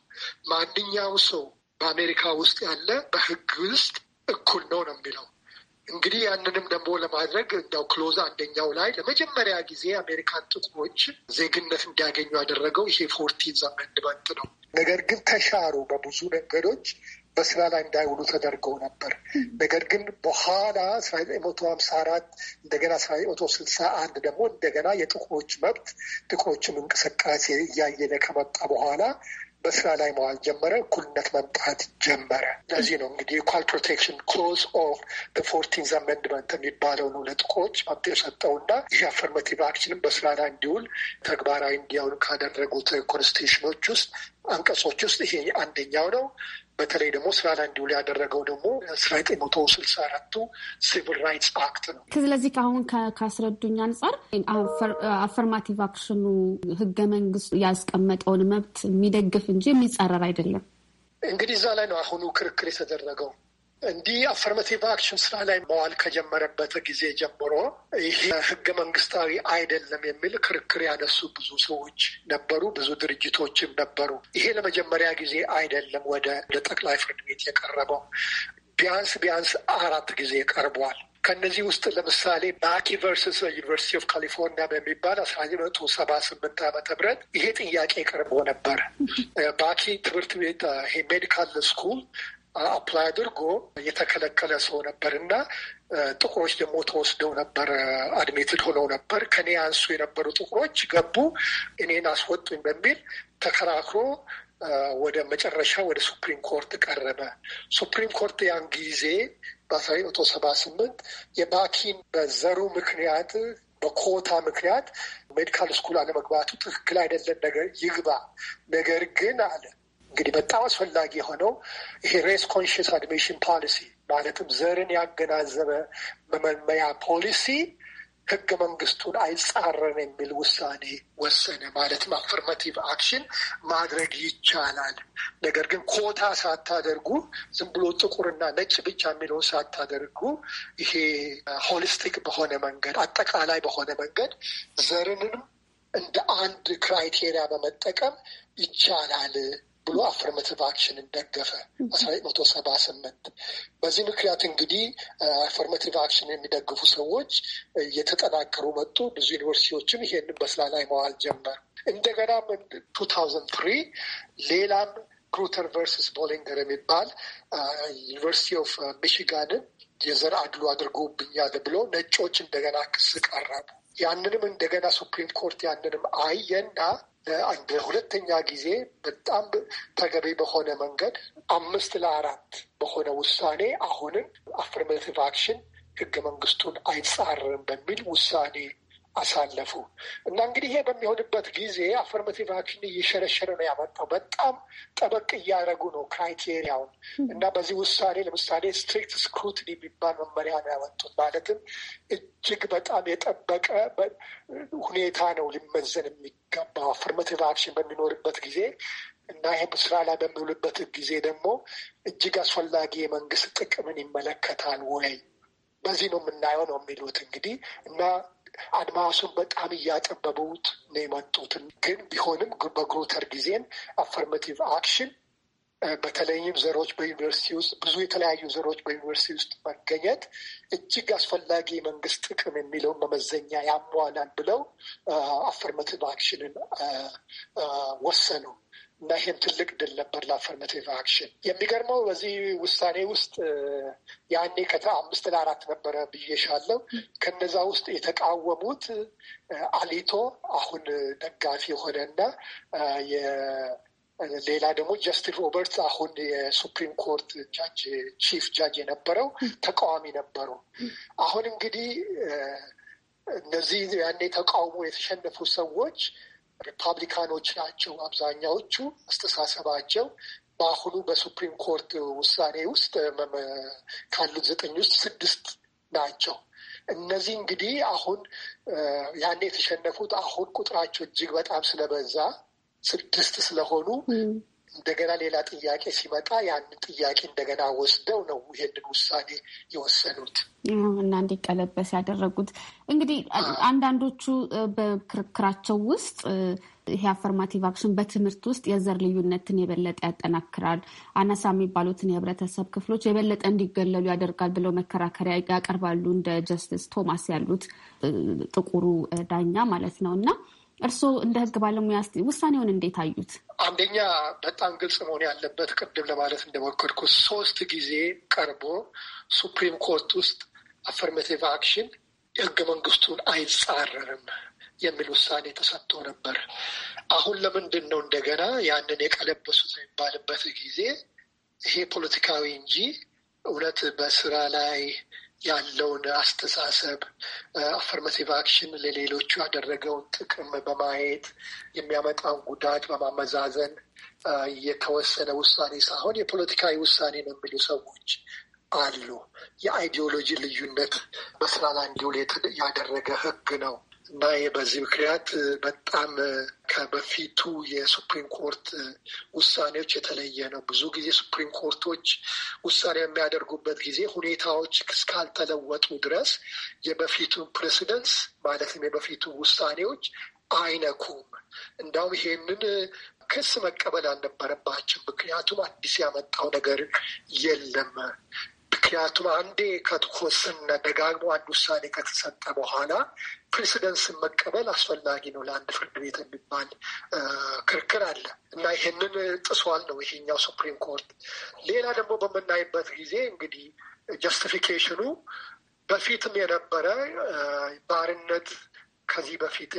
ማንኛው ሰው በአሜሪካ ውስጥ ያለ በህግ ውስጥ እኩል ነው ነው የሚለው እንግዲህ ያንንም ደግሞ ለማድረግ እንዳው ክሎዝ አንደኛው ላይ ለመጀመሪያ ጊዜ አሜሪካን ጥቁሮች ዜግነት እንዲያገኙ ያደረገው ይሄ ፎርቲዝ አሜንድመንት ነው። ነገር ግን ተሻሩ በብዙ መንገዶች በስራ ላይ እንዳይውሉ ተደርገው ነበር። ነገር ግን በኋላ አስራ ዘጠኝ መቶ ሀምሳ አራት እንደገና አስራ ዘጠኝ መቶ ስልሳ አንድ ደግሞ እንደገና የጥቁሮች መብት ጥቁሮችም እንቅስቃሴ እያየለ ከመጣ በኋላ በስራ ላይ መዋል ጀመረ። እኩልነት መምጣት ጀመረ። ለዚህ ነው እንግዲህ ኢኳል ፕሮቴክሽን ክሎዝ ኦፍ ፎርቲንዝ አሜንድመንት የሚባለው ነው ለጥቁሮች መብት የሰጠው እና ይህ አፈርማቲቭ አክሽንም በስራ ላይ እንዲውል ተግባራዊ እንዲያውን ካደረጉት ኮንስቲቱሽኖች ውስጥ አንቀጾች ውስጥ ይሄ አንደኛው ነው። በተለይ ደግሞ ስራ ላይ እንዲውል ያደረገው ደግሞ አስራ ዘጠኝ መቶ ስልሳ አራቱ ሲቪል ራይትስ አክት ነው። ስለዚህ ከአሁን ካስረዱኝ አንጻር አፈርማቲቭ አክሽኑ ህገ መንግስቱ ያስቀመጠውን መብት የሚደግፍ እንጂ የሚጻረር አይደለም። እንግዲህ እዛ ላይ ነው አሁኑ ክርክር የተደረገው። እንዲህ አፈርማቲቭ አክሽን ስራ ላይ መዋል ከጀመረበት ጊዜ ጀምሮ ይሄ ህገ መንግስታዊ አይደለም የሚል ክርክር ያነሱ ብዙ ሰዎች ነበሩ፣ ብዙ ድርጅቶችም ነበሩ። ይሄ ለመጀመሪያ ጊዜ አይደለም ወደ ጠቅላይ ፍርድ ቤት የቀረበው። ቢያንስ ቢያንስ አራት ጊዜ ቀርቧል። ከነዚህ ውስጥ ለምሳሌ ባኪ ቨርስስ ዩኒቨርሲቲ ኦፍ ካሊፎርኒያ በሚባል አስራ ዘጠኝ መቶ ሰባ ስምንት ዓመተ ምህረት ይሄ ጥያቄ ቀርቦ ነበር። ባኪ ትምህርት ቤት ሜዲካል ስኩል አፕላይ አድርጎ የተከለከለ ሰው ነበር እና ጥቁሮች ደግሞ ተወስደው ነበር፣ አድሜትድ ሆነው ነበር። ከኔ አንሱ የነበሩ ጥቁሮች ገቡ፣ እኔን አስወጡኝ በሚል ተከራክሮ ወደ መጨረሻ ወደ ሱፕሪም ኮርት ቀረበ። ሱፕሪም ኮርት ያን ጊዜ በአስራ ዘጠኝ መቶ ሰባ ስምንት የባኪን በዘሩ ምክንያት በኮታ ምክንያት ሜዲካል ስኩል አለመግባቱ ትክክል አይደለም፣ ነገር ይግባ ነገር ግን አለ እንግዲህ በጣም አስፈላጊ የሆነው ይሄ ሬስ ኮንሽስ አድሚሽን ፖሊሲ ማለትም ዘርን ያገናዘበ መመመያ ፖሊሲ ህገ መንግስቱን አይጻረን የሚል ውሳኔ ወሰነ። ማለትም አፍርማቲቭ አክሽን ማድረግ ይቻላል። ነገር ግን ኮታ ሳታደርጉ ዝም ብሎ ጥቁርና ነጭ ብቻ የሚለውን ሳታደርጉ ይሄ ሆሊስቲክ በሆነ መንገድ አጠቃላይ በሆነ መንገድ ዘርንም እንደ አንድ ክራይቴሪያ በመጠቀም ይቻላል ብሎ አፍርምቲቭ አክሽንን ደገፈ አስራ ዘጠኝ መቶ ሰባ ስምንት በዚህ ምክንያት እንግዲህ አፍርምቲቭ አክሽን የሚደግፉ ሰዎች እየተጠናከሩ መጡ። ብዙ ዩኒቨርሲቲዎችም ይሄንን በስራ ላይ መዋል ጀመር እንደገና ቱ ታውዘንድ ትሪ ሌላም ግሩተር ቨርስስ ቦሊንገር የሚባል ዩኒቨርሲቲ ኦፍ ሚሽጋንን የዘር አድሎ አድርጎብኛል ብሎ ነጮች እንደገና ክስ ቀረቡ። ያንንም እንደገና ሱፕሪም ኮርት ያንንም አየና ሁለተኛ ጊዜ በጣም ተገቢ በሆነ መንገድ አምስት ለአራት በሆነ ውሳኔ አሁንም አፍርሜቲቭ አክሽን ህገ መንግስቱን አይጻርም በሚል ውሳኔ አሳለፉ እና እንግዲህ ይሄ በሚሆንበት ጊዜ አፈርማቲቭ አክሽን እየሸረሸረ ነው ያመጣው። በጣም ጠበቅ እያደረጉ ነው ክራይቴሪያውን እና በዚህ ውሳኔ ለምሳሌ ስትሪክት ስክሩትኒ የሚባል መመሪያ ነው ያመጡት። ማለትም እጅግ በጣም የጠበቀ ሁኔታ ነው ሊመዘን የሚገባው አፈርማቲቭ አክሽን በሚኖርበት ጊዜ እና ይሄ ስራ ላይ በሚውልበት ጊዜ ደግሞ እጅግ አስፈላጊ የመንግስት ጥቅምን ይመለከታል ወይ? በዚህ ነው የምናየው ነው የሚሉት እንግዲህ እና አድማሱን በጣም እያጠበቡት ነው የመጡትን። ግን ቢሆንም በግሮተር ጊዜን አፈርማቲቭ አክሽን በተለይም ዘሮች በዩኒቨርሲቲ ውስጥ ብዙ የተለያዩ ዘሮች በዩኒቨርሲቲ ውስጥ መገኘት እጅግ አስፈላጊ የመንግስት ጥቅም የሚለውን መመዘኛ ያሟላል ብለው አፈርማቲቭ አክሽንን ወሰኑ። እና ይህም ትልቅ ድል ነበር ለአፈርማቲቭ አክሽን። የሚገርመው በዚህ ውሳኔ ውስጥ ያኔ ከተ አምስት ለአራት ነበረ ብዬሻለው። ከነዛ ውስጥ የተቃወሙት አሊቶ አሁን ደጋፊ እና ሌላ ደግሞ ጀስቲን ሮበርትስ አሁን የሱፕሪም ኮርት ጃጅ ቺፍ ጃጅ የነበረው ተቃዋሚ ነበሩ። አሁን እንግዲህ እነዚህ ያኔ ተቃውሞ የተሸነፉ ሰዎች ሪፐብሊካኖች ናቸው አብዛኛዎቹ። አስተሳሰባቸው በአሁኑ በሱፕሪም ኮርት ውሳኔ ውስጥ ካሉት ዘጠኝ ውስጥ ስድስት ናቸው። እነዚህ እንግዲህ አሁን ያኔ የተሸነፉት አሁን ቁጥራቸው እጅግ በጣም ስለበዛ ስድስት ስለሆኑ እንደገና ሌላ ጥያቄ ሲመጣ ያንን ጥያቄ እንደገና ወስደው ነው ይህንን ውሳኔ የወሰኑት እና እንዲቀለበስ ያደረጉት። እንግዲህ አንዳንዶቹ በክርክራቸው ውስጥ ይሄ አፈርማቲቭ አክሽን በትምህርት ውስጥ የዘር ልዩነትን የበለጠ ያጠናክራል፣ አናሳ የሚባሉትን የህብረተሰብ ክፍሎች የበለጠ እንዲገለሉ ያደርጋል ብለው መከራከሪያ ያቀርባሉ። እንደ ጀስትስ ቶማስ ያሉት ጥቁሩ ዳኛ ማለት ነው እና እርስዎ እንደ ህግ ባለሙያ ስ ውሳኔውን እንዴት አዩት? አንደኛ በጣም ግልጽ መሆን ያለበት ቅድም ለማለት እንደሞከርኩ ሶስት ጊዜ ቀርቦ ሱፕሪም ኮርት ውስጥ አፈርሜቲቭ አክሽን የህገ መንግስቱን አይጻረርም የሚል ውሳኔ ተሰጥቶ ነበር። አሁን ለምንድን ነው እንደገና ያንን የቀለበሱት የሚባልበት ጊዜ ይሄ ፖለቲካዊ እንጂ እውነት በስራ ላይ ያለውን አስተሳሰብ አፈርማቲቭ አክሽን ለሌሎቹ ያደረገውን ጥቅም በማየት የሚያመጣውን ጉዳት በማመዛዘን የተወሰነ ውሳኔ ሳይሆን የፖለቲካዊ ውሳኔ ነው የሚሉ ሰዎች አሉ። የአይዲዮሎጂ ልዩነት በስራ ላይ እንዲውል ያደረገ ህግ ነው። እና በዚህ ምክንያት በጣም ከበፊቱ የሱፕሪም ኮርት ውሳኔዎች የተለየ ነው። ብዙ ጊዜ ሱፕሪም ኮርቶች ውሳኔ የሚያደርጉበት ጊዜ ሁኔታዎች እስካልተለወጡ ድረስ የበፊቱን ፕሬሲደንስ ማለትም የበፊቱ ውሳኔዎች አይነኩም። እንዳውም ይሄንን ክስ መቀበል አልነበረባቸው። ምክንያቱም አዲስ ያመጣው ነገር የለም። ምክንያቱም አንዴ ከተኮስን ደጋግሞ አንድ ውሳኔ ከተሰጠ በኋላ ፕሬሲደንስን መቀበል አስፈላጊ ነው ለአንድ ፍርድ ቤት የሚባል ክርክር አለ እና ይህንን ጥሷል ነው ይሄኛው ሱፕሪም ኮርት። ሌላ ደግሞ በምናይበት ጊዜ እንግዲህ ጀስቲፊኬሽኑ በፊትም የነበረ ባርነት ከዚህ በፊት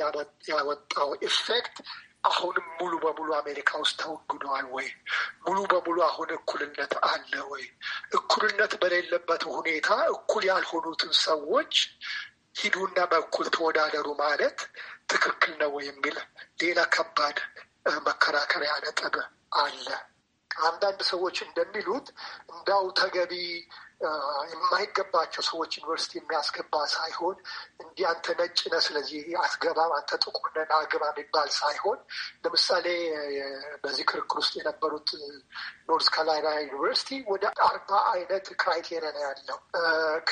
ያወጣው ኢፌክት አሁንም ሙሉ በሙሉ አሜሪካ ውስጥ ተወግዷል ወይ? ሙሉ በሙሉ አሁን እኩልነት አለ ወይ? እኩልነት በሌለበት ሁኔታ እኩል ያልሆኑትን ሰዎች ሂዱና በእኩል ተወዳደሩ ማለት ትክክል ነው ወይ የሚል ሌላ ከባድ መከራከሪያ ነጥብ አለ። አንዳንድ ሰዎች እንደሚሉት እንዳው ተገቢ የማይገባቸው ሰዎች ዩኒቨርሲቲ የሚያስገባ ሳይሆን እንዲህ አንተ ነጭ ነህ ስለዚህ አትገባም፣ አንተ ጥቁር ነህ አግባ የሚባል ሳይሆን ለምሳሌ በዚህ ክርክር ውስጥ የነበሩት ኖርዝ ካሮላይና ዩኒቨርሲቲ ወደ አርባ አይነት ክራይቴሪያ ነው ያለው።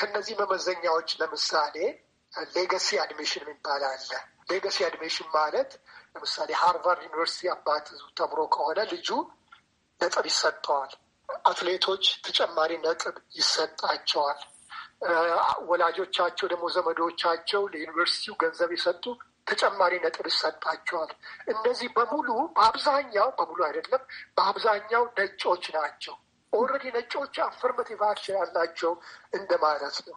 ከነዚህ መመዘኛዎች ለምሳሌ ሌገሲ አድሚሽን የሚባል አለ። ሌገሲ አድሚሽን ማለት ለምሳሌ ሃርቫርድ ዩኒቨርሲቲ አባት ተምሮ ከሆነ ልጁ ነጥብ ይሰጠዋል። አትሌቶች ተጨማሪ ነጥብ ይሰጣቸዋል። ወላጆቻቸው ደግሞ ዘመዶቻቸው ለዩኒቨርሲቲው ገንዘብ የሰጡ ተጨማሪ ነጥብ ይሰጣቸዋል። እነዚህ በሙሉ በአብዛኛው በሙሉ አይደለም፣ በአብዛኛው ነጮች ናቸው። ኦልሬዲ ነጮች አፈርማቲቭ አክሽን ያላቸው እንደማለት ነው።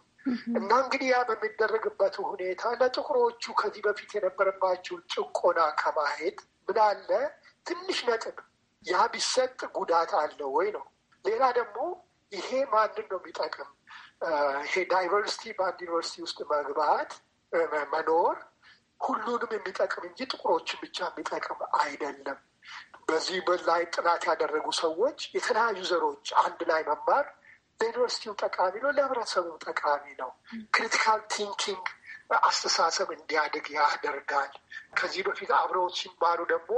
እና እንግዲህ ያ በሚደረግበት ሁኔታ ለጥቁሮቹ ከዚህ በፊት የነበረባቸው ጭቆና ከማሄድ ምናለ ትንሽ ነጥብ ያ ቢሰጥ ጉዳት አለው ወይ ነው ሌላ ደግሞ ይሄ ማንን ነው የሚጠቅም? ይሄ ዳይቨርሲቲ በአንድ ዩኒቨርሲቲ ውስጥ መግባት መኖር ሁሉንም የሚጠቅም እንጂ ጥቁሮችን ብቻ የሚጠቅም አይደለም። በዚህ ላይ ጥናት ያደረጉ ሰዎች የተለያዩ ዘሮች አንድ ላይ መማር ለዩኒቨርሲቲው ጠቃሚ ነው፣ ለህብረተሰቡ ጠቃሚ ነው። ክሪቲካል ቲንኪንግ አስተሳሰብ እንዲያድግ ያደርጋል። ከዚህ በፊት አብረው ሲማሩ ደግሞ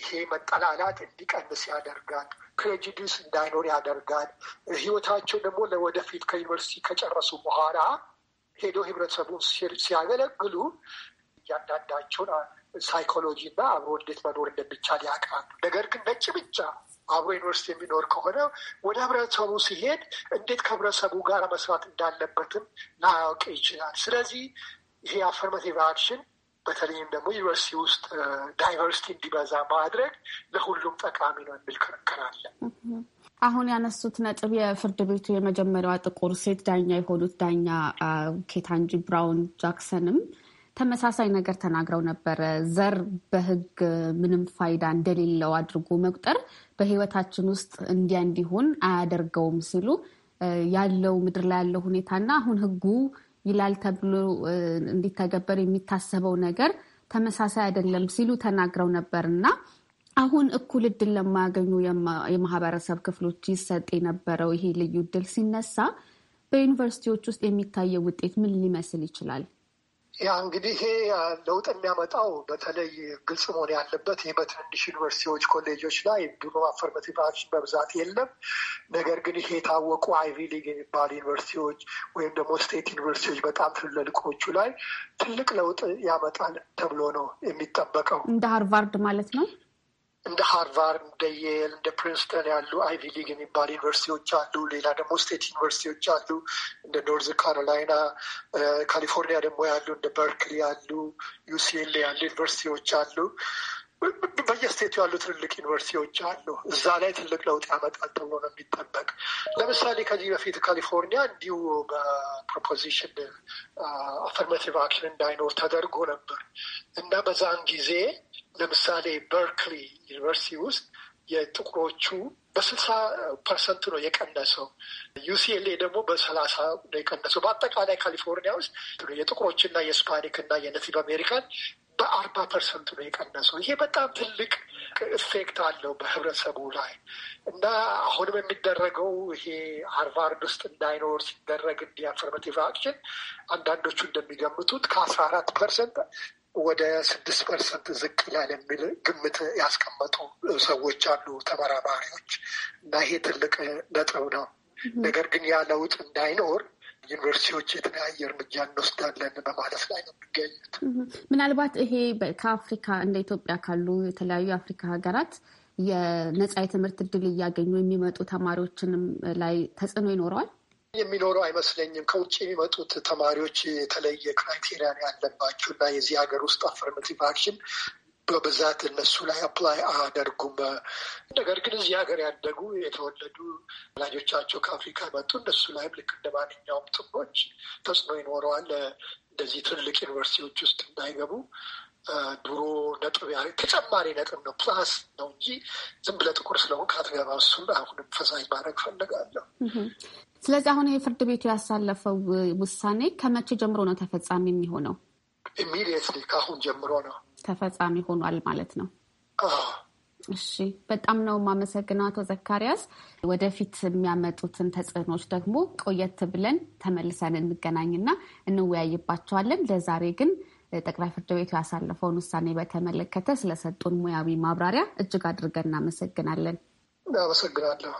ይሄ መጠላላት እንዲቀንስ ያደርጋል። ፕሬጅዲስ እንዳይኖር ያደርጋል። ህይወታቸው ደግሞ ለወደፊት ከዩኒቨርሲቲ ከጨረሱ በኋላ ሄዶ ህብረተሰቡን ሲያገለግሉ እያንዳንዳቸውን ሳይኮሎጂ እና አብሮ እንዴት መኖር እንደሚቻል ያውቃሉ። ነገር ግን ነጭ ብቻ አብሮ ዩኒቨርሲቲ የሚኖር ከሆነ ወደ ህብረተሰቡ ሲሄድ እንዴት ከህብረተሰቡ ጋር መስራት እንዳለበትም ላያውቅ ይችላል። ስለዚህ ይሄ አፈርማቲቭ አክሽን በተለይም ደግሞ ዩኒቨርሲቲ ውስጥ ዳይቨርሲቲ እንዲበዛ ማድረግ ለሁሉም ጠቃሚ ነው የሚል ክርክር አለ። አሁን ያነሱት ነጥብ የፍርድ ቤቱ የመጀመሪያዋ ጥቁር ሴት ዳኛ የሆኑት ዳኛ ኬታንጂ ብራውን ጃክሰንም ተመሳሳይ ነገር ተናግረው ነበረ። ዘር በሕግ ምንም ፋይዳ እንደሌለው አድርጎ መቁጠር በሕይወታችን ውስጥ እንዲያ እንዲሆን አያደርገውም ሲሉ ያለው ምድር ላይ ያለው ሁኔታና አሁን ሕጉ ይላል ተብሎ እንዲተገበር የሚታሰበው ነገር ተመሳሳይ አይደለም ሲሉ ተናግረው ነበር እና አሁን እኩል እድል ለማያገኙ የማህበረሰብ ክፍሎች ይሰጥ የነበረው ይሄ ልዩ እድል ሲነሳ በዩኒቨርሲቲዎች ውስጥ የሚታየው ውጤት ምን ሊመስል ይችላል? ያ እንግዲህ ይሄ ለውጥ የሚያመጣው በተለይ ግልጽ መሆን ያለበት ይህ በትንንሽ ዩኒቨርሲቲዎች፣ ኮሌጆች ላይ ዱሮ አፈርማቲቭ አክሽን በብዛት የለም። ነገር ግን ይሄ የታወቁ አይቪ ሊግ የሚባሉ ዩኒቨርሲቲዎች ወይም ደግሞ ስቴት ዩኒቨርሲቲዎች በጣም ትልልቆቹ ላይ ትልቅ ለውጥ ያመጣል ተብሎ ነው የሚጠበቀው እንደ ሃርቫርድ ማለት ነው። እንደ ሃርቫርድ፣ እንደ የል፣ እንደ ፕሪንስተን ያሉ አይቪ ሊግ የሚባል ዩኒቨርሲቲዎች አሉ። ሌላ ደግሞ ስቴት ዩኒቨርሲቲዎች አሉ፣ እንደ ኖርዝ ካሮላይና፣ ካሊፎርኒያ ደግሞ ያሉ እንደ በርክሊ ያሉ፣ ዩሲል ያሉ ዩኒቨርሲቲዎች አሉ። በየስቴቱ ያሉ ትልልቅ ዩኒቨርሲቲዎች አሉ። እዛ ላይ ትልቅ ለውጥ ያመጣል ተብሎ ነው የሚጠበቅ። ለምሳሌ ከዚህ በፊት ካሊፎርኒያ እንዲሁ በፕሮፖዚሽን አፈርማቲቭ አክሽን እንዳይኖር ተደርጎ ነበር እና በዛን ጊዜ ለምሳሌ በርክሊ ዩኒቨርሲቲ ውስጥ የጥቁሮቹ በስልሳ ፐርሰንት ነው የቀነሰው። ዩሲኤልኤ ደግሞ በሰላሳ ነው የቀነሰው። በአጠቃላይ ካሊፎርኒያ ውስጥ የጥቁሮችና የስፓኒክና የነቲቭ አሜሪካን በአርባ ፐርሰንት ነው የቀነሰው። ይሄ በጣም ትልቅ ኢፌክት አለው በህብረተሰቡ ላይ እና አሁንም የሚደረገው ይሄ ሃርቫርድ ውስጥ እንዳይኖር ሲደረግ እንዲ አፈርማቲቭ አክሽን አንዳንዶቹ እንደሚገምቱት ከአስራ አራት ፐርሰንት ወደ ስድስት ፐርሰንት ዝቅ ይላል የሚል ግምት ያስቀመጡ ሰዎች አሉ፣ ተመራማሪዎች እና ይሄ ትልቅ ነጥብ ነው። ነገር ግን ያ ለውጥ እንዳይኖር ዩኒቨርሲቲዎች የተለያየ እርምጃ እንወስዳለን በማለት ላይ ነው የሚገኙት። ምናልባት ይሄ ከአፍሪካ እንደ ኢትዮጵያ ካሉ የተለያዩ የአፍሪካ ሀገራት የነጻ የትምህርት እድል እያገኙ የሚመጡ ተማሪዎችንም ላይ ተጽዕኖ ይኖረዋል። የሚኖረው አይመስለኝም። ከውጭ የሚመጡት ተማሪዎች የተለየ ክራይቴሪያን ያለባቸው እና የዚህ ሀገር ውስጥ አፈርማቲቭ አክሽን በብዛት እነሱ ላይ አፕላይ አያደርጉም። ነገር ግን እዚህ ሀገር ያደጉ የተወለዱ ወላጆቻቸው ከአፍሪካ መጡ፣ እነሱ ላይም ልክ እንደ ማንኛውም ጥቁሮች ተጽዕኖ ይኖረዋል። እንደዚህ ትልልቅ ዩኒቨርሲቲዎች ውስጥ እንዳይገቡ ድሮ ነጥብ ያ ተጨማሪ ነጥብ ነው ፕላስ ነው እንጂ ዝም ብለህ ጥቁር ስለሆን ካትገባ እሱን አሁንም ፈሳሽ ማድረግ ፈልጋለሁ። ስለዚህ አሁን የፍርድ ቤቱ ያሳለፈው ውሳኔ ከመቼ ጀምሮ ነው ተፈጻሚ የሚሆነው? ኢሚዲየትሊ ከአሁን ጀምሮ ነው ተፈጻሚ ሆኗል ማለት ነው። እሺ በጣም ነው የማመሰግነው አቶ ዘካሪያስ። ወደፊት የሚያመጡትን ተጽዕኖች ደግሞ ቆየት ብለን ተመልሰን እንገናኝና እንወያይባቸዋለን። ለዛሬ ግን ጠቅላይ ፍርድ ቤቱ ያሳለፈውን ውሳኔ በተመለከተ ስለሰጡን ሙያዊ ማብራሪያ እጅግ አድርገን እናመሰግናለን። አመሰግናለሁ።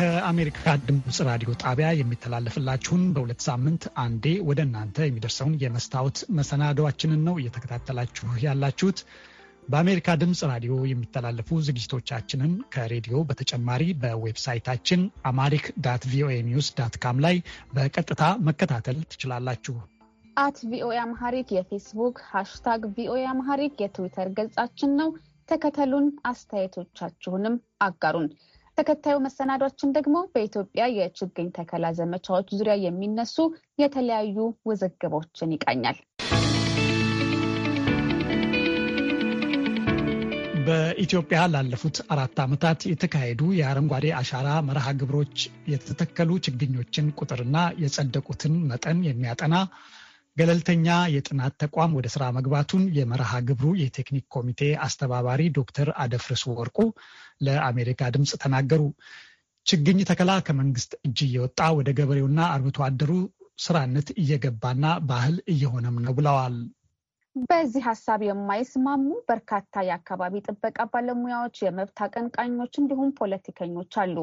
ከአሜሪካ ድምፅ ራዲዮ ጣቢያ የሚተላለፍላችሁን በሁለት ሳምንት አንዴ ወደ እናንተ የሚደርሰውን የመስታወት መሰናዶችንን ነው እየተከታተላችሁ ያላችሁት። በአሜሪካ ድምፅ ራዲዮ የሚተላለፉ ዝግጅቶቻችንን ከሬዲዮ በተጨማሪ በዌብሳይታችን አማሪክ ዳት ቪኦኤ ኒውስ ዳት ካም ላይ በቀጥታ መከታተል ትችላላችሁ። አት ቪኦኤ አምሃሪክ የፌስቡክ ሃሽታግ ቪኦኤ አምሃሪክ የትዊተር ገጻችን ነው። ተከተሉን፣ አስተያየቶቻችሁንም አጋሩን። ተከታዩ መሰናዷችን ደግሞ በኢትዮጵያ የችግኝ ተከላ ዘመቻዎች ዙሪያ የሚነሱ የተለያዩ ውዝግቦችን ይቃኛል። በኢትዮጵያ ላለፉት አራት ዓመታት የተካሄዱ የአረንጓዴ አሻራ መርሃ ግብሮች የተተከሉ ችግኞችን ቁጥርና የጸደቁትን መጠን የሚያጠና ገለልተኛ የጥናት ተቋም ወደ ስራ መግባቱን የመርሃ ግብሩ የቴክኒክ ኮሚቴ አስተባባሪ ዶክተር አደፍርስ ወርቁ ለአሜሪካ ድምፅ ተናገሩ። ችግኝ ተከላ ከመንግስት እጅ እየወጣ ወደ ገበሬውና አርብቶ አደሩ ስራነት እየገባና ባህል እየሆነም ነው ብለዋል። በዚህ ሀሳብ የማይስማሙ በርካታ የአካባቢ ጥበቃ ባለሙያዎች፣ የመብት አቀንቃኞች እንዲሁም ፖለቲከኞች አሉ።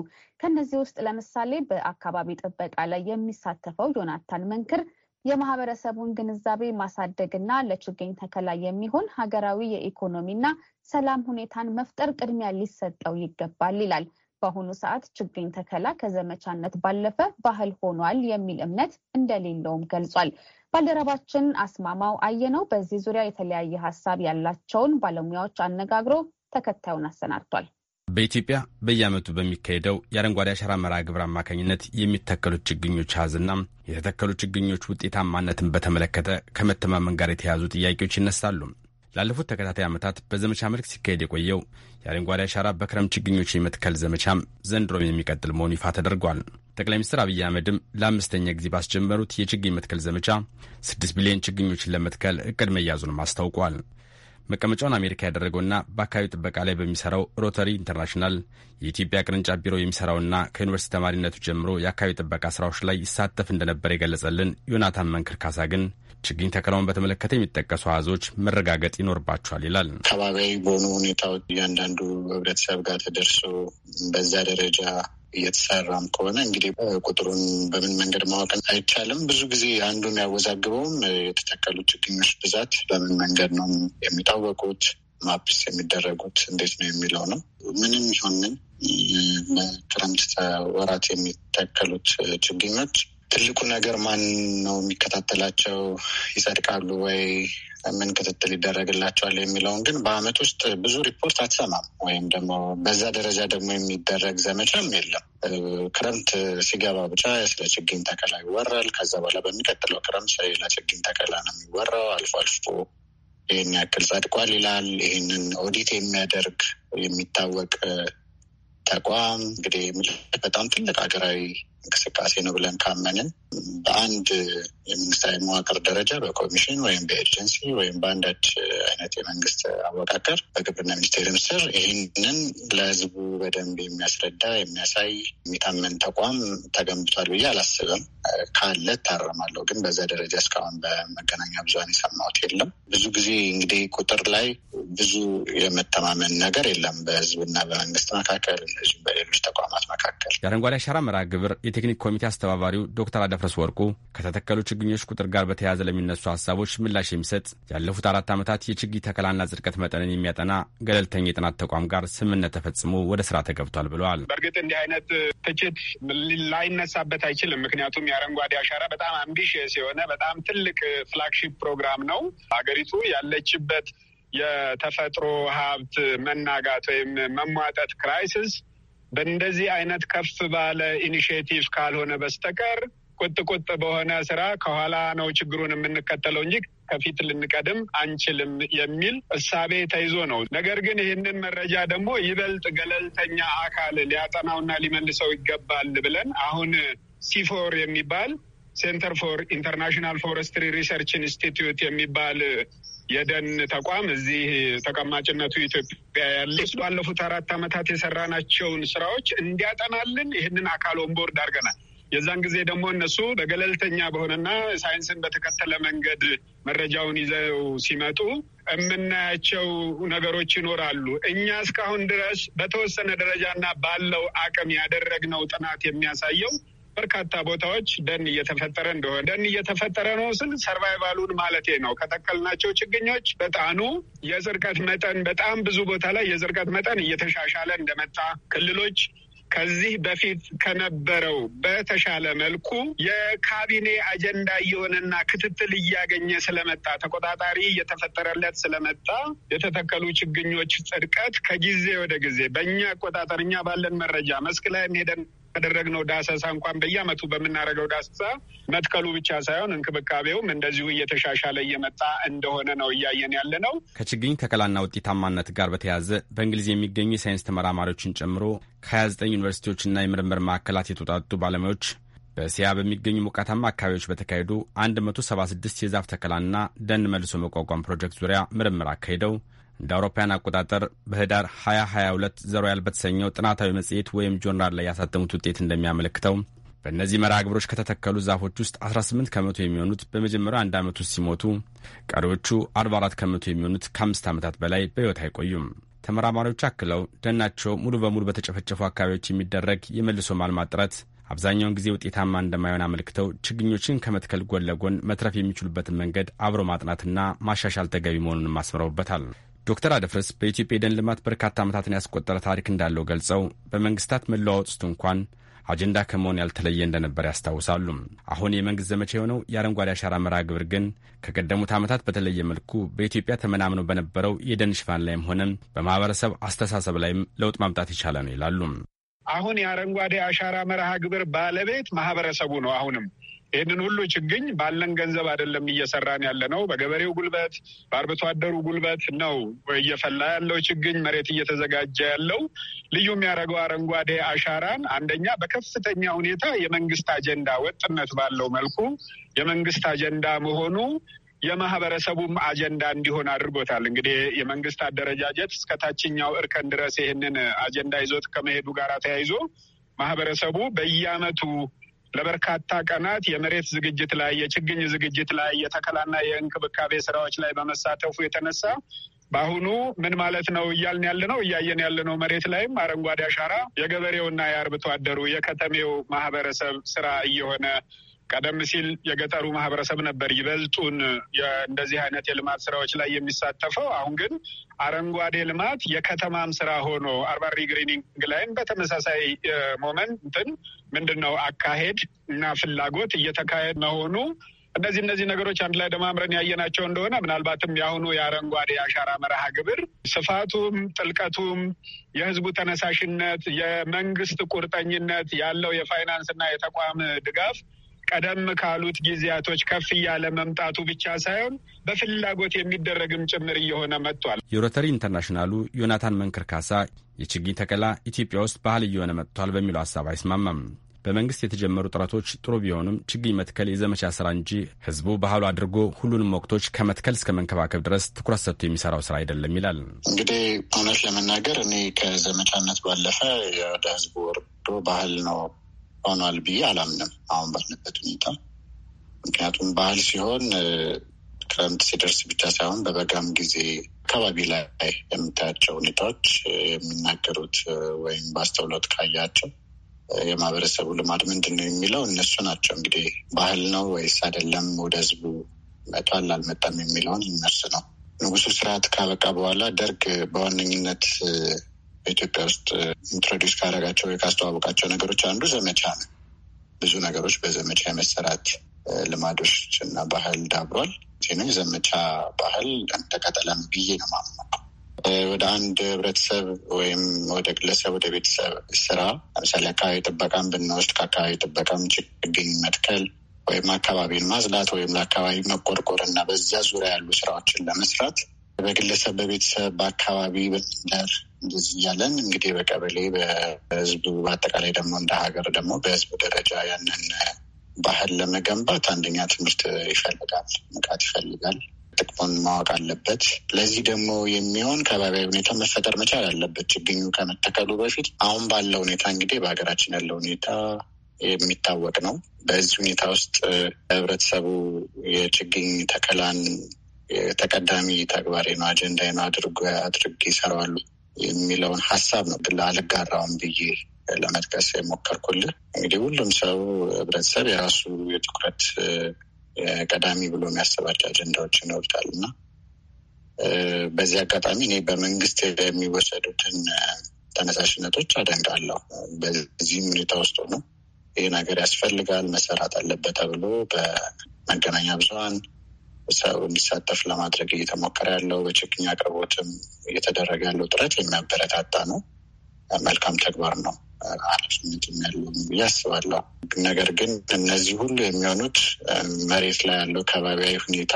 ከነዚህ ውስጥ ለምሳሌ በአካባቢ ጥበቃ ላይ የሚሳተፈው ዮናታን መንክር የማህበረሰቡን ግንዛቤ ማሳደግና ለችግኝ ተከላ የሚሆን ሀገራዊ የኢኮኖሚና ሰላም ሁኔታን መፍጠር ቅድሚያ ሊሰጠው ይገባል ይላል። በአሁኑ ሰዓት ችግኝ ተከላ ከዘመቻነት ባለፈ ባህል ሆኗል የሚል እምነት እንደሌለውም ገልጿል። ባልደረባችን አስማማው አየነው በዚህ ዙሪያ የተለያየ ሀሳብ ያላቸውን ባለሙያዎች አነጋግሮ ተከታዩን አሰናድቷል። በኢትዮጵያ በየዓመቱ በሚካሄደው የአረንጓዴ አሻራ መርሃ ግብር አማካኝነት የሚተከሉት ችግኞች አሃዝና የተተከሉ ችግኞች ውጤታማነትን በተመለከተ ከመተማመን ጋር የተያያዙ ጥያቄዎች ይነሳሉ። ላለፉት ተከታታይ ዓመታት በዘመቻ መልክ ሲካሄድ የቆየው የአረንጓዴ አሻራ በክረም ችግኞች የመትከል ዘመቻም ዘንድሮም የሚቀጥል መሆኑ ይፋ ተደርጓል። ጠቅላይ ሚኒስትር አብይ አህመድም ለአምስተኛ ጊዜ ባስጀመሩት የችግኝ መትከል ዘመቻ ስድስት ቢሊዮን ችግኞችን ለመትከል እቅድ መያዙንም አስታውቋል። መቀመጫውን አሜሪካ ያደረገውና በአካባቢ ጥበቃ ላይ በሚሰራው ሮተሪ ኢንተርናሽናል የኢትዮጵያ ቅርንጫፍ ቢሮ የሚሰራውና ከዩኒቨርሲቲ ተማሪነቱ ጀምሮ የአካባቢ ጥበቃ ስራዎች ላይ ይሳተፍ እንደነበረ የገለጸልን ዮናታን መንክር ካሳ ግን ችግኝ ተከላውን በተመለከተ የሚጠቀሱ አዞች መረጋገጥ ይኖርባቸዋል ይላል። ከባቢያዊ በሆኑ ሁኔታዎች እያንዳንዱ ህብረተሰብ ጋር ተደርሶ በዛ ደረጃ እየተሰራም ከሆነ እንግዲህ ቁጥሩን በምን መንገድ ማወቅ አይቻልም። ብዙ ጊዜ አንዱ ያወዛግበውም የተተከሉ ችግኞች ብዛት በምን መንገድ ነው የሚታወቁት፣ ማፕስ የሚደረጉት እንዴት ነው የሚለው ነው። ምንም ይሁን ምን በክረምት ወራት የሚተከሉት ችግኞች ትልቁ ነገር ማን ነው የሚከታተላቸው? ይጸድቃሉ ወይ? ምን ክትትል ይደረግላቸዋል የሚለውን ግን በአመት ውስጥ ብዙ ሪፖርት አትሰማም። ወይም ደግሞ በዛ ደረጃ ደግሞ የሚደረግ ዘመቻም የለም። ክረምት ሲገባ ብቻ ስለ ችግኝ ተከላ ይወራል። ከዛ በኋላ በሚቀጥለው ክረምት ስለ ችግኝ ተከላ ነው የሚወራው። አልፎ አልፎ ይህን ያክል ጸድቋል ይላል። ይህንን ኦዲት የሚያደርግ የሚታወቅ ተቋም እንግዲህ በጣም ትልቅ ሀገራዊ እንቅስቃሴ ነው ብለን ካመንን በአንድ የመንግስታዊ መዋቅር ደረጃ በኮሚሽን ወይም በኤጀንሲ ወይም በአንዳች አይነት የመንግስት አወቃቀር በግብርና ሚኒስቴርም ስር ይህንን ለህዝቡ በደንብ የሚያስረዳ የሚያሳይ የሚታመን ተቋም ተገንብቷል ብዬ አላስብም። ካለ ታረማለሁ፣ ግን በዛ ደረጃ እስካሁን በመገናኛ ብዙን የሰማሁት የለም። ብዙ ጊዜ እንግዲህ ቁጥር ላይ ብዙ የመተማመን ነገር የለም በህዝብና በመንግስት መካከል እንደዚሁም በሌሎች ተቋማት መካከል የአረንጓዴ አሻራ መርሃ ግብር የቴክኒክ ኮሚቴ አስተባባሪው ዶክተር አደፍረስ ወርቁ ከተተከሉ ችግኞች ቁጥር ጋር በተያያዘ ለሚነሱ ሀሳቦች ምላሽ የሚሰጥ ያለፉት አራት ዓመታት የችግኝ ተከላና ዝርቀት መጠንን የሚያጠና ገለልተኛ የጥናት ተቋም ጋር ስምምነት ተፈጽሞ ወደ ስራ ተገብቷል ብለዋል። በእርግጥ እንዲህ አይነት ትችት ላይነሳበት አይችልም። ምክንያቱም የአረንጓዴ አሻራ በጣም አምቢሽየስ የሆነ በጣም ትልቅ ፍላግሺፕ ፕሮግራም ነው። ሀገሪቱ ያለችበት የተፈጥሮ ሀብት መናጋት ወይም መሟጠት ክራይሲስ በእንደዚህ አይነት ከፍ ባለ ኢኒሽቲቭ ካልሆነ በስተቀር ቁጥ ቁጥ በሆነ ስራ ከኋላ ነው ችግሩን የምንከተለው እንጂ ከፊት ልንቀድም አንችልም የሚል እሳቤ ተይዞ ነው። ነገር ግን ይህንን መረጃ ደግሞ ይበልጥ ገለልተኛ አካል ሊያጠናውና ሊመልሰው ይገባል ብለን አሁን ሲፎር የሚባል ሴንተር ፎር ኢንተርናሽናል ፎረስትሪ ሪሰርች ኢንስቲትዩት የሚባል የደን ተቋም እዚህ ተቀማጭነቱ ኢትዮጵያ ያለች ባለፉት አራት ዓመታት የሰራናቸውን ስራዎች እንዲያጠናልን ይህንን አካል ኦንቦርድ አድርገናል። የዛን ጊዜ ደግሞ እነሱ በገለልተኛ በሆነና ሳይንስን በተከተለ መንገድ መረጃውን ይዘው ሲመጡ የምናያቸው ነገሮች ይኖራሉ። እኛ እስካሁን ድረስ በተወሰነ ደረጃና ባለው አቅም ያደረግነው ጥናት የሚያሳየው በርካታ ቦታዎች ደን እየተፈጠረ እንደሆነ ደን እየተፈጠረ ነው ስል ሰርቫይቫሉን ማለቴ ነው። ከተከልናቸው ችግኞች በጣኑ የዝርቀት መጠን በጣም ብዙ ቦታ ላይ የዝርቀት መጠን እየተሻሻለ እንደመጣ ክልሎች ከዚህ በፊት ከነበረው በተሻለ መልኩ የካቢኔ አጀንዳ እየሆነና ክትትል እያገኘ ስለመጣ ተቆጣጣሪ እየተፈጠረለት ስለመጣ የተተከሉ ችግኞች ጽድቀት ከጊዜ ወደ ጊዜ በእኛ አቆጣጠር እኛ ባለን መረጃ መስክ ላይ ሄደን ያደረግነው ዳሰሳ እንኳን በየአመቱ በምናደርገው ዳሰሳ መትከሉ ብቻ ሳይሆን እንክብካቤውም እንደዚሁ እየተሻሻለ እየመጣ እንደሆነ ነው እያየን ያለ ነው። ከችግኝ ተከላና ውጤታማነት ጋር በተያያዘ በእንግሊዝ የሚገኙ የሳይንስ ተመራማሪዎችን ጨምሮ ከ29 ዩኒቨርሲቲዎችና የምርምር ማዕከላት የተውጣጡ ባለሙያዎች በእስያ በሚገኙ ሞቃታማ አካባቢዎች በተካሄዱ 176 የዛፍ ተከላና ደን መልሶ መቋቋም ፕሮጀክት ዙሪያ ምርምር አካሂደው እንደ አውሮፓውያን አቆጣጠር በህዳር 2022 ዘሮያል በተሰኘው ጥናታዊ መጽሔት ወይም ጆርናል ላይ ያሳተሙት ውጤት እንደሚያመለክተው በእነዚህ መርሃ ግብሮች ከተተከሉ ዛፎች ውስጥ 18 ከመቶ የሚሆኑት በመጀመሪያው አንድ ዓመት ውስጥ ሲሞቱ፣ ቀሪዎቹ 44 ከመቶ የሚሆኑት ከአምስት ዓመታት በላይ በሕይወት አይቆዩም። ተመራማሪዎች አክለው ደናቸው ሙሉ በሙሉ በተጨፈጨፉ አካባቢዎች የሚደረግ የመልሶ ማልማት ጥረት አብዛኛውን ጊዜ ውጤታማ እንደማይሆን አመልክተው ችግኞችን ከመትከል ጎን ለጎን መትረፍ የሚችሉበትን መንገድ አብሮ ማጥናትና ማሻሻል ተገቢ መሆኑንም አስምረውበታል። ዶክተር አደፍረስ በኢትዮጵያ የደን ልማት በርካታ ዓመታትን ያስቆጠረ ታሪክ እንዳለው ገልጸው በመንግስታት መለዋወጥ ውስጥ እንኳን አጀንዳ ከመሆን ያልተለየ እንደነበር ያስታውሳሉ። አሁን የመንግስት ዘመቻ የሆነው የአረንጓዴ አሻራ መርሃ ግብር ግን ከቀደሙት ዓመታት በተለየ መልኩ በኢትዮጵያ ተመናምኖ በነበረው የደን ሽፋን ላይም ሆነ በማህበረሰብ አስተሳሰብ ላይም ለውጥ ማምጣት የቻለ ነው ይላሉ። አሁን የአረንጓዴ አሻራ መርሃ ግብር ባለቤት ማህበረሰቡ ነው። አሁንም ይህንን ሁሉ ችግኝ ባለን ገንዘብ አይደለም እየሰራን ያለ ነው። በገበሬው ጉልበት፣ በአርብቶ አደሩ ጉልበት ነው እየፈላ ያለው ችግኝ መሬት እየተዘጋጀ ያለው። ልዩ የሚያደርገው አረንጓዴ አሻራን አንደኛ በከፍተኛ ሁኔታ የመንግስት አጀንዳ ወጥነት ባለው መልኩ የመንግስት አጀንዳ መሆኑ የማህበረሰቡም አጀንዳ እንዲሆን አድርጎታል። እንግዲህ የመንግስት አደረጃጀት እስከ ታችኛው እርከን ድረስ ይህንን አጀንዳ ይዞት ከመሄዱ ጋር ተያይዞ ማህበረሰቡ በየአመቱ። ለበርካታ ቀናት የመሬት ዝግጅት ላይ፣ የችግኝ ዝግጅት ላይ፣ የተከላና የእንክብካቤ ስራዎች ላይ በመሳተፉ የተነሳ በአሁኑ ምን ማለት ነው እያልን ያለ ነው እያየን ያለ ነው። መሬት ላይም አረንጓዴ አሻራ የገበሬውና የአርብቶ አደሩ የከተሜው ማህበረሰብ ስራ እየሆነ ቀደም ሲል የገጠሩ ማህበረሰብ ነበር ይበልጡን እንደዚህ አይነት የልማት ስራዎች ላይ የሚሳተፈው። አሁን ግን አረንጓዴ ልማት የከተማም ስራ ሆኖ አርባሪ ግሪኒንግ ላይም በተመሳሳይ ሞመንትን ምንድን ነው አካሄድ እና ፍላጎት እየተካሄድ መሆኑ እነዚህ እነዚህ ነገሮች አንድ ላይ ደማምረን ያየናቸው እንደሆነ ምናልባትም የአሁኑ የአረንጓዴ አሻራ መርሃ ግብር ስፋቱም ጥልቀቱም የህዝቡ ተነሳሽነት፣ የመንግስት ቁርጠኝነት ያለው የፋይናንስና የተቋም ድጋፍ ቀደም ካሉት ጊዜያቶች ከፍ እያለ መምጣቱ ብቻ ሳይሆን በፍላጎት የሚደረግም ጭምር እየሆነ መጥቷል። የሮተሪ ኢንተርናሽናሉ ዮናታን መንክር ካሳ የችግኝ ተከላ ኢትዮጵያ ውስጥ ባህል እየሆነ መጥቷል በሚለው ሀሳብ አይስማማም። በመንግስት የተጀመሩ ጥረቶች ጥሩ ቢሆኑም ችግኝ መትከል የዘመቻ ስራ እንጂ ህዝቡ ባህሉ አድርጎ ሁሉንም ወቅቶች ከመትከል እስከ መንከባከብ ድረስ ትኩረት ሰጥቶ የሚሰራው ስራ አይደለም ይላል። እንግዲህ እውነት ለመናገር እኔ ከዘመቻነት ባለፈ ወደ ህዝቡ ወርዶ ባህል ነው ሆኗል ብዬ አላምንም አሁን ባለበት ሁኔታ። ምክንያቱም ባህል ሲሆን ክረምት ሲደርስ ብቻ ሳይሆን በበጋም ጊዜ አካባቢ ላይ የምታያቸው ሁኔታዎች የሚናገሩት ወይም በአስተውሎት ካያቸው የማህበረሰቡ ልማድ ምንድን ነው የሚለው እነሱ ናቸው እንግዲህ ባህል ነው ወይስ አይደለም፣ ወደ ህዝቡ መቷል አልመጣም የሚለውን እነሱ ነው። ንጉሱ ስርዓት ካበቃ በኋላ ደርግ በዋነኝነት በኢትዮጵያ ውስጥ ኢንትሮዲስ ካረጋቸው ወይ ካስተዋወቃቸው ነገሮች አንዱ ዘመቻ ነው። ብዙ ነገሮች በዘመቻ የመሰራት ልማዶች እና ባህል ዳብሯል። ዘመቻ ባህል እንደቀጠለም ብዬ ነው ማምነው። ወደ አንድ ህብረተሰብ ወይም ወደ ግለሰብ ወደ ቤተሰብ ስራ ለምሳሌ አካባቢ ጥበቃን ብንወስድ ከአካባቢ ጥበቃም ችግኝ መትከል ወይም አካባቢን ማጽዳት ወይም ለአካባቢ መቆርቆር እና በዛ ዙሪያ ያሉ ስራዎችን ለመስራት በግለሰብ በቤተሰብ በአካባቢ በመንደር እንደዚህ እያለን እንግዲህ በቀበሌ በህዝቡ በአጠቃላይ ደግሞ እንደ ሀገር ደግሞ በህዝብ ደረጃ ያንን ባህል ለመገንባት አንደኛ ትምህርት ይፈልጋል፣ ንቃት ይፈልጋል። ጥቅሙን ማወቅ አለበት። ለዚህ ደግሞ የሚሆን ከባቢያዊ ሁኔታ መፈጠር መቻል አለበት። ችግኙ ከመተከሉ በፊት አሁን ባለው ሁኔታ እንግዲህ በሀገራችን ያለው ሁኔታ የሚታወቅ ነው። በዚህ ሁኔታ ውስጥ ህብረተሰቡ የችግኝ ተከላን ተቀዳሚ ተግባር ነው አጀንዳ ነው አድርጎ አድርግ ይሰራሉ የሚለውን ሀሳብ ነው ብላ አልጋራውን ብዬ ለመጥቀስ የሞከርኩልህ። እንግዲህ ሁሉም ሰው ህብረተሰብ የራሱ የትኩረት ቀዳሚ ብሎ የሚያስባቸው አጀንዳዎች ይወስዳል እና በዚህ አጋጣሚ እኔ በመንግስት የሚወሰዱትን ተነሳሽነቶች አደንቃለሁ። በዚህም ሁኔታ ውስጥ ሆኖ ይህ ነገር ያስፈልጋል መሰራት አለበት ተብሎ በመገናኛ ብዙሀን ሰው እንዲሳተፍ ለማድረግ እየተሞከረ ያለው በችግኝ አቅርቦትም እየተደረገ ያለው ጥረት የሚያበረታታ ነው። መልካም ተግባር ነው። ኃላፊነት ያለው ብዬ አስባለሁ። ነገር ግን እነዚህ ሁሉ የሚሆኑት መሬት ላይ ያለው ከባቢያዊ ሁኔታ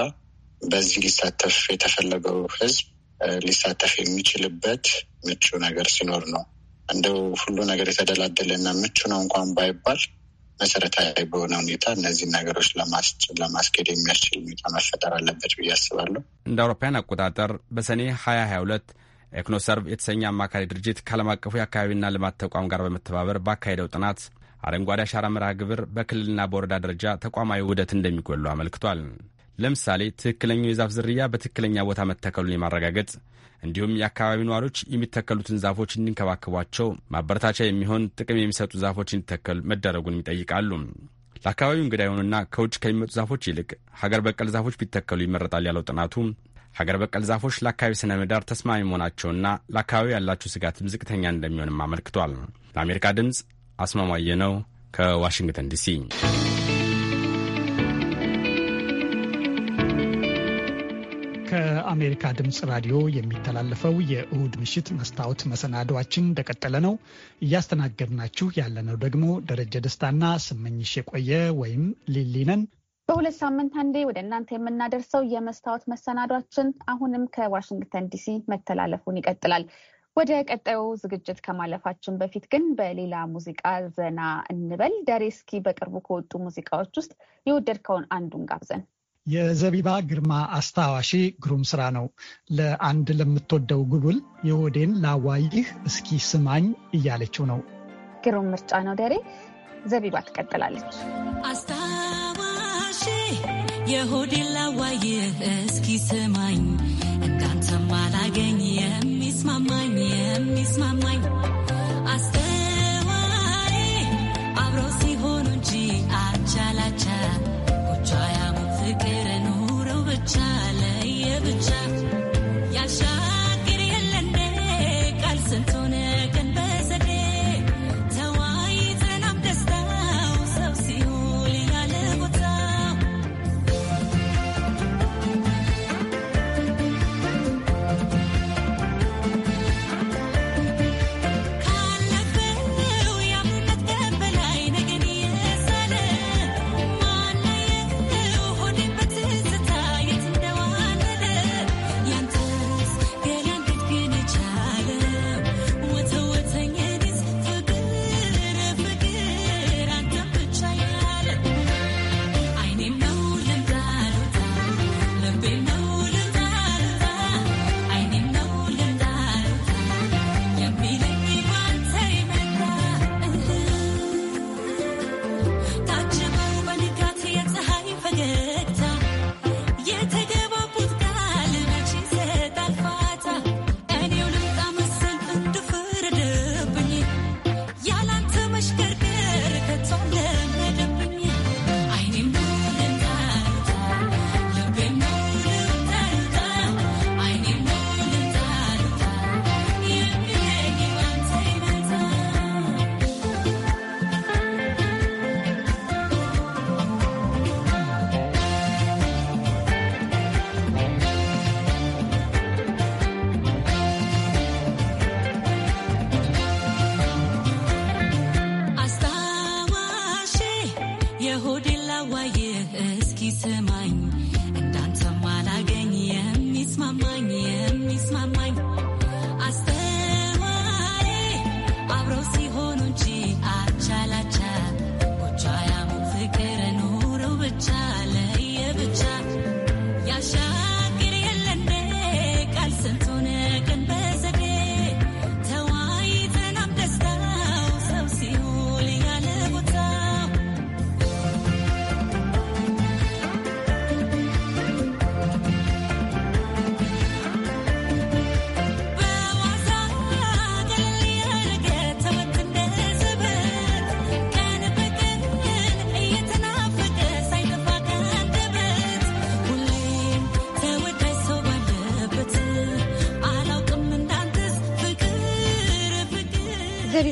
በዚህ ሊሳተፍ የተፈለገው ህዝብ ሊሳተፍ የሚችልበት ምቹ ነገር ሲኖር ነው። እንደው ሁሉ ነገር የተደላደለ እና ምቹ ነው እንኳን ባይባል መሰረታዊ በሆነ ሁኔታ እነዚህ ነገሮች ለማስኬድ የሚያስችል ሁኔታ መፈጠር አለበት ብዬ አስባለሁ። እንደ አውሮፓውያን አቆጣጠር በሰኔ ሀያ ሀያ ሁለት ኤክኖሰርቭ የተሰኘ አማካሪ ድርጅት ከዓለም አቀፉ የአካባቢና ልማት ተቋም ጋር በመተባበር ባካሄደው ጥናት አረንጓዴ አሻራ መርሃ ግብር በክልልና በወረዳ ደረጃ ተቋማዊ ውህደት እንደሚጎሉ አመልክቷል። ለምሳሌ ትክክለኛው የዛፍ ዝርያ በትክክለኛ ቦታ መተከሉን የማረጋገጥ እንዲሁም የአካባቢ ነዋሪዎች የሚተከሉትን ዛፎች እንዲንከባከቧቸው ማበረታቻ የሚሆን ጥቅም የሚሰጡ ዛፎች እንዲተከሉ መደረጉን ይጠይቃሉ። ለአካባቢው እንግዳ የሆኑና ከውጭ ከሚመጡ ዛፎች ይልቅ ሀገር በቀል ዛፎች ቢተከሉ ይመረጣል ያለው ጥናቱ ሀገር በቀል ዛፎች ለአካባቢ ስነ ምህዳር ተስማሚ መሆናቸውና ለአካባቢው ያላቸው ስጋትም ዝቅተኛ እንደሚሆንም አመልክቷል። ለአሜሪካ ድምፅ አስማማየ ነው ከዋሽንግተን ዲሲ። ከአሜሪካ ድምፅ ራዲዮ የሚተላለፈው የእሁድ ምሽት መስታወት መሰናዷችን እንደቀጠለ ነው። እያስተናገድናችሁ ያለነው ደግሞ ደረጀ ደስታና ስመኝሽ የቆየ ወይም ሊሊነን በሁለት ሳምንት አንዴ ወደ እናንተ የምናደርሰው የመስታወት መሰናዷችን አሁንም ከዋሽንግተን ዲሲ መተላለፉን ይቀጥላል። ወደ ቀጣዩ ዝግጅት ከማለፋችን በፊት ግን በሌላ ሙዚቃ ዘና እንበል። ደሬ፣ እስኪ በቅርቡ ከወጡ ሙዚቃዎች ውስጥ የወደድከውን አንዱን ጋብዘን። የዘቢባ ግርማ አስታዋሺ ግሩም ስራ ነው። ለአንድ ለምትወደው ጉብል የወዴን ላዋይህ እስኪ ስማኝ እያለችው ነው። ግሩም ምርጫ ነው ደሬ። ዘቢባ ትቀጥላለች። Yehudi la wa ye eski semain, and dance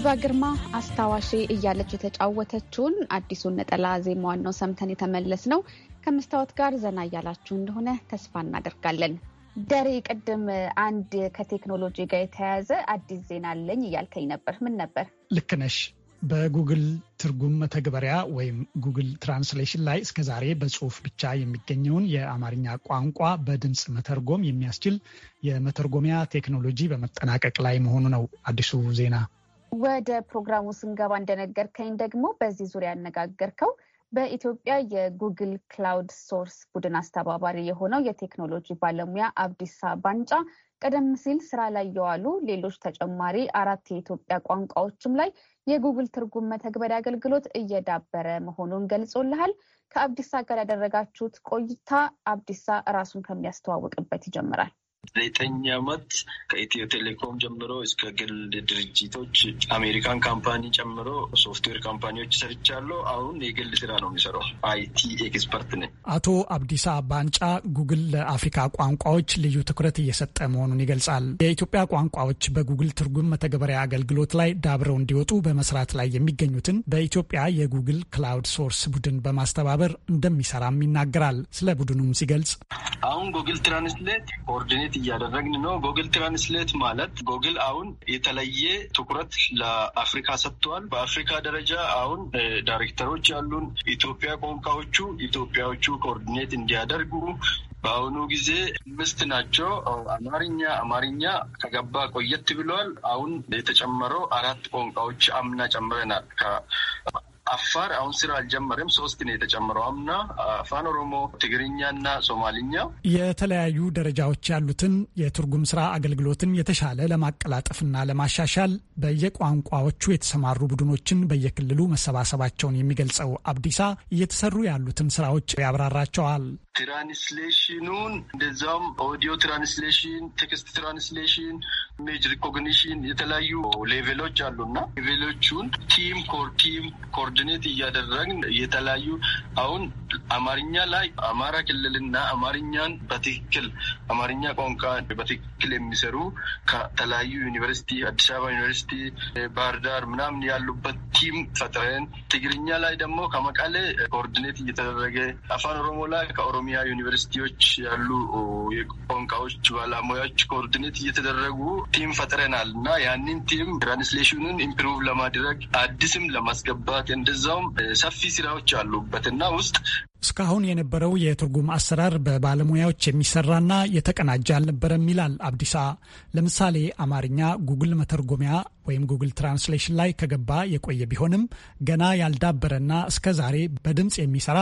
ዲባ ግርማ አስታዋሽ እያለች የተጫወተችውን አዲሱን ነጠላ ዜማዋን ነው ሰምተን የተመለስ ነው። ከመስታወት ጋር ዘና እያላችሁ እንደሆነ ተስፋ እናደርጋለን። ደሬ ቅድም አንድ ከቴክኖሎጂ ጋር የተያያዘ አዲስ ዜና አለኝ እያልከኝ ነበር። ምን ነበር? ልክ ነሽ። በጉግል ትርጉም መተግበሪያ ወይም ጉግል ትራንስሌሽን ላይ እስከዛሬ በጽሁፍ ብቻ የሚገኘውን የአማርኛ ቋንቋ በድምፅ መተርጎም የሚያስችል የመተርጎሚያ ቴክኖሎጂ በመጠናቀቅ ላይ መሆኑ ነው አዲሱ ዜና። ወደ ፕሮግራሙ ስንገባ እንደነገርከኝ ደግሞ በዚህ ዙሪያ ያነጋገርከው በኢትዮጵያ የጉግል ክላውድ ሶርስ ቡድን አስተባባሪ የሆነው የቴክኖሎጂ ባለሙያ አብዲሳ ባንጫ ቀደም ሲል ስራ ላይ የዋሉ ሌሎች ተጨማሪ አራት የኢትዮጵያ ቋንቋዎችም ላይ የጉግል ትርጉም መተግበሪያ አገልግሎት እየዳበረ መሆኑን ገልጾልሃል። ከአብዲሳ ጋር ያደረጋችሁት ቆይታ አብዲሳ ራሱን ከሚያስተዋውቅበት ይጀምራል። ዘጠኝ ዓመት ከኢትዮ ቴሌኮም ጀምሮ እስከ ግል ድርጅቶች አሜሪካን ካምፓኒ ጨምሮ ሶፍትዌር ካምፓኒዎች ሰርቻለሁ። አሁን የግል ስራ ነው የሚሰራው። አይቲ ኤክስፐርት ነኝ። አቶ አብዲሳ ባንጫ ጉግል ለአፍሪካ ቋንቋዎች ልዩ ትኩረት እየሰጠ መሆኑን ይገልጻል። የኢትዮጵያ ቋንቋዎች በጉግል ትርጉም መተግበሪያ አገልግሎት ላይ ዳብረው እንዲወጡ በመስራት ላይ የሚገኙትን በኢትዮጵያ የጉግል ክላውድ ሶርስ ቡድን በማስተባበር እንደሚሰራም ይናገራል። ስለ ቡድኑም ሲገልጽ አሁን ጉግል ትራንስሌት ኮኦርዲኔት እያደረግን ነው። ጎግል ትራንስሌት ማለት ጎግል አሁን የተለየ ትኩረት ለአፍሪካ ሰጥተዋል። በአፍሪካ ደረጃ አሁን ዳይሬክተሮች ያሉን ኢትዮጵያ ቋንቋዎቹ ኢትዮጵያዎቹ ኮኦርዲኔት እንዲያደርጉ በአሁኑ ጊዜ አምስት ናቸው። አማርኛ አማርኛ ከገባ ቆየት ብለዋል። አሁን የተጨመረው አራት ቋንቋዎች አምና ጨምረናል። አፋር አሁን ስራ አልጀመረም። ሶስት ነው አምና፣ አፋን ኦሮሞ፣ ትግርኛና ሶማሊኛ የተለያዩ ደረጃዎች ያሉትን የትርጉም ስራ አገልግሎትን የተሻለ ለማቀላጠፍና ለማሻሻል በየቋንቋዎቹ የተሰማሩ ቡድኖችን በየክልሉ መሰባሰባቸውን የሚገልጸው አብዲሳ እየተሰሩ ያሉትን ስራዎች ያብራራቸዋል። ትራንስሌሽኑን እንደዛም ኦዲዮ ትራንስሌሽን፣ ቴክስት ትራንስሌሽን፣ ኢሜጅ ሪኮግኒሽን የተለያዩ ሌቬሎች አሉና ሌቬሎቹን ቲም ኮር ቲም ኮር ኮኦርዲኔት እያደረግን የተለያዩ አሁን አማርኛ ላይ አማራ ክልልና አማርኛን በትክክል አማርኛ ቋንቋ በትክክል የሚሰሩ ከተለያዩ ዩኒቨርሲቲ አዲስ አበባ ዩኒቨርሲቲ፣ ባህር ዳር ምናምን ያሉበት ቲም ፈጥረን ትግርኛ ላይ ደግሞ ከመቀሌ ኮኦርዲኔት እየተደረገ አፋን ኦሮሞ ላይ ከኦሮሚያ ዩኒቨርሲቲዎች ያሉ የቋንቋዎች ባለሙያዎች ኮኦርዲኔት እየተደረጉ ቲም ፈጥረናል እና ያንን ቲም ትራንስሌሽኑን ኢምፕሩቭ ለማድረግ አዲስም ለማስገባት እንደዛውም ሰፊ ስራዎች አሉበትና ውስጥ እስካሁን የነበረው የትርጉም አሰራር በባለሙያዎች የሚሰራና የተቀናጀ አልነበረም ይላል አብዲሳ። ለምሳሌ አማርኛ ጉግል መተርጎሚያ ወይም ጉግል ትራንስሌሽን ላይ ከገባ የቆየ ቢሆንም ገና ያልዳበረና እስከ ዛሬ በድምፅ የሚሰራ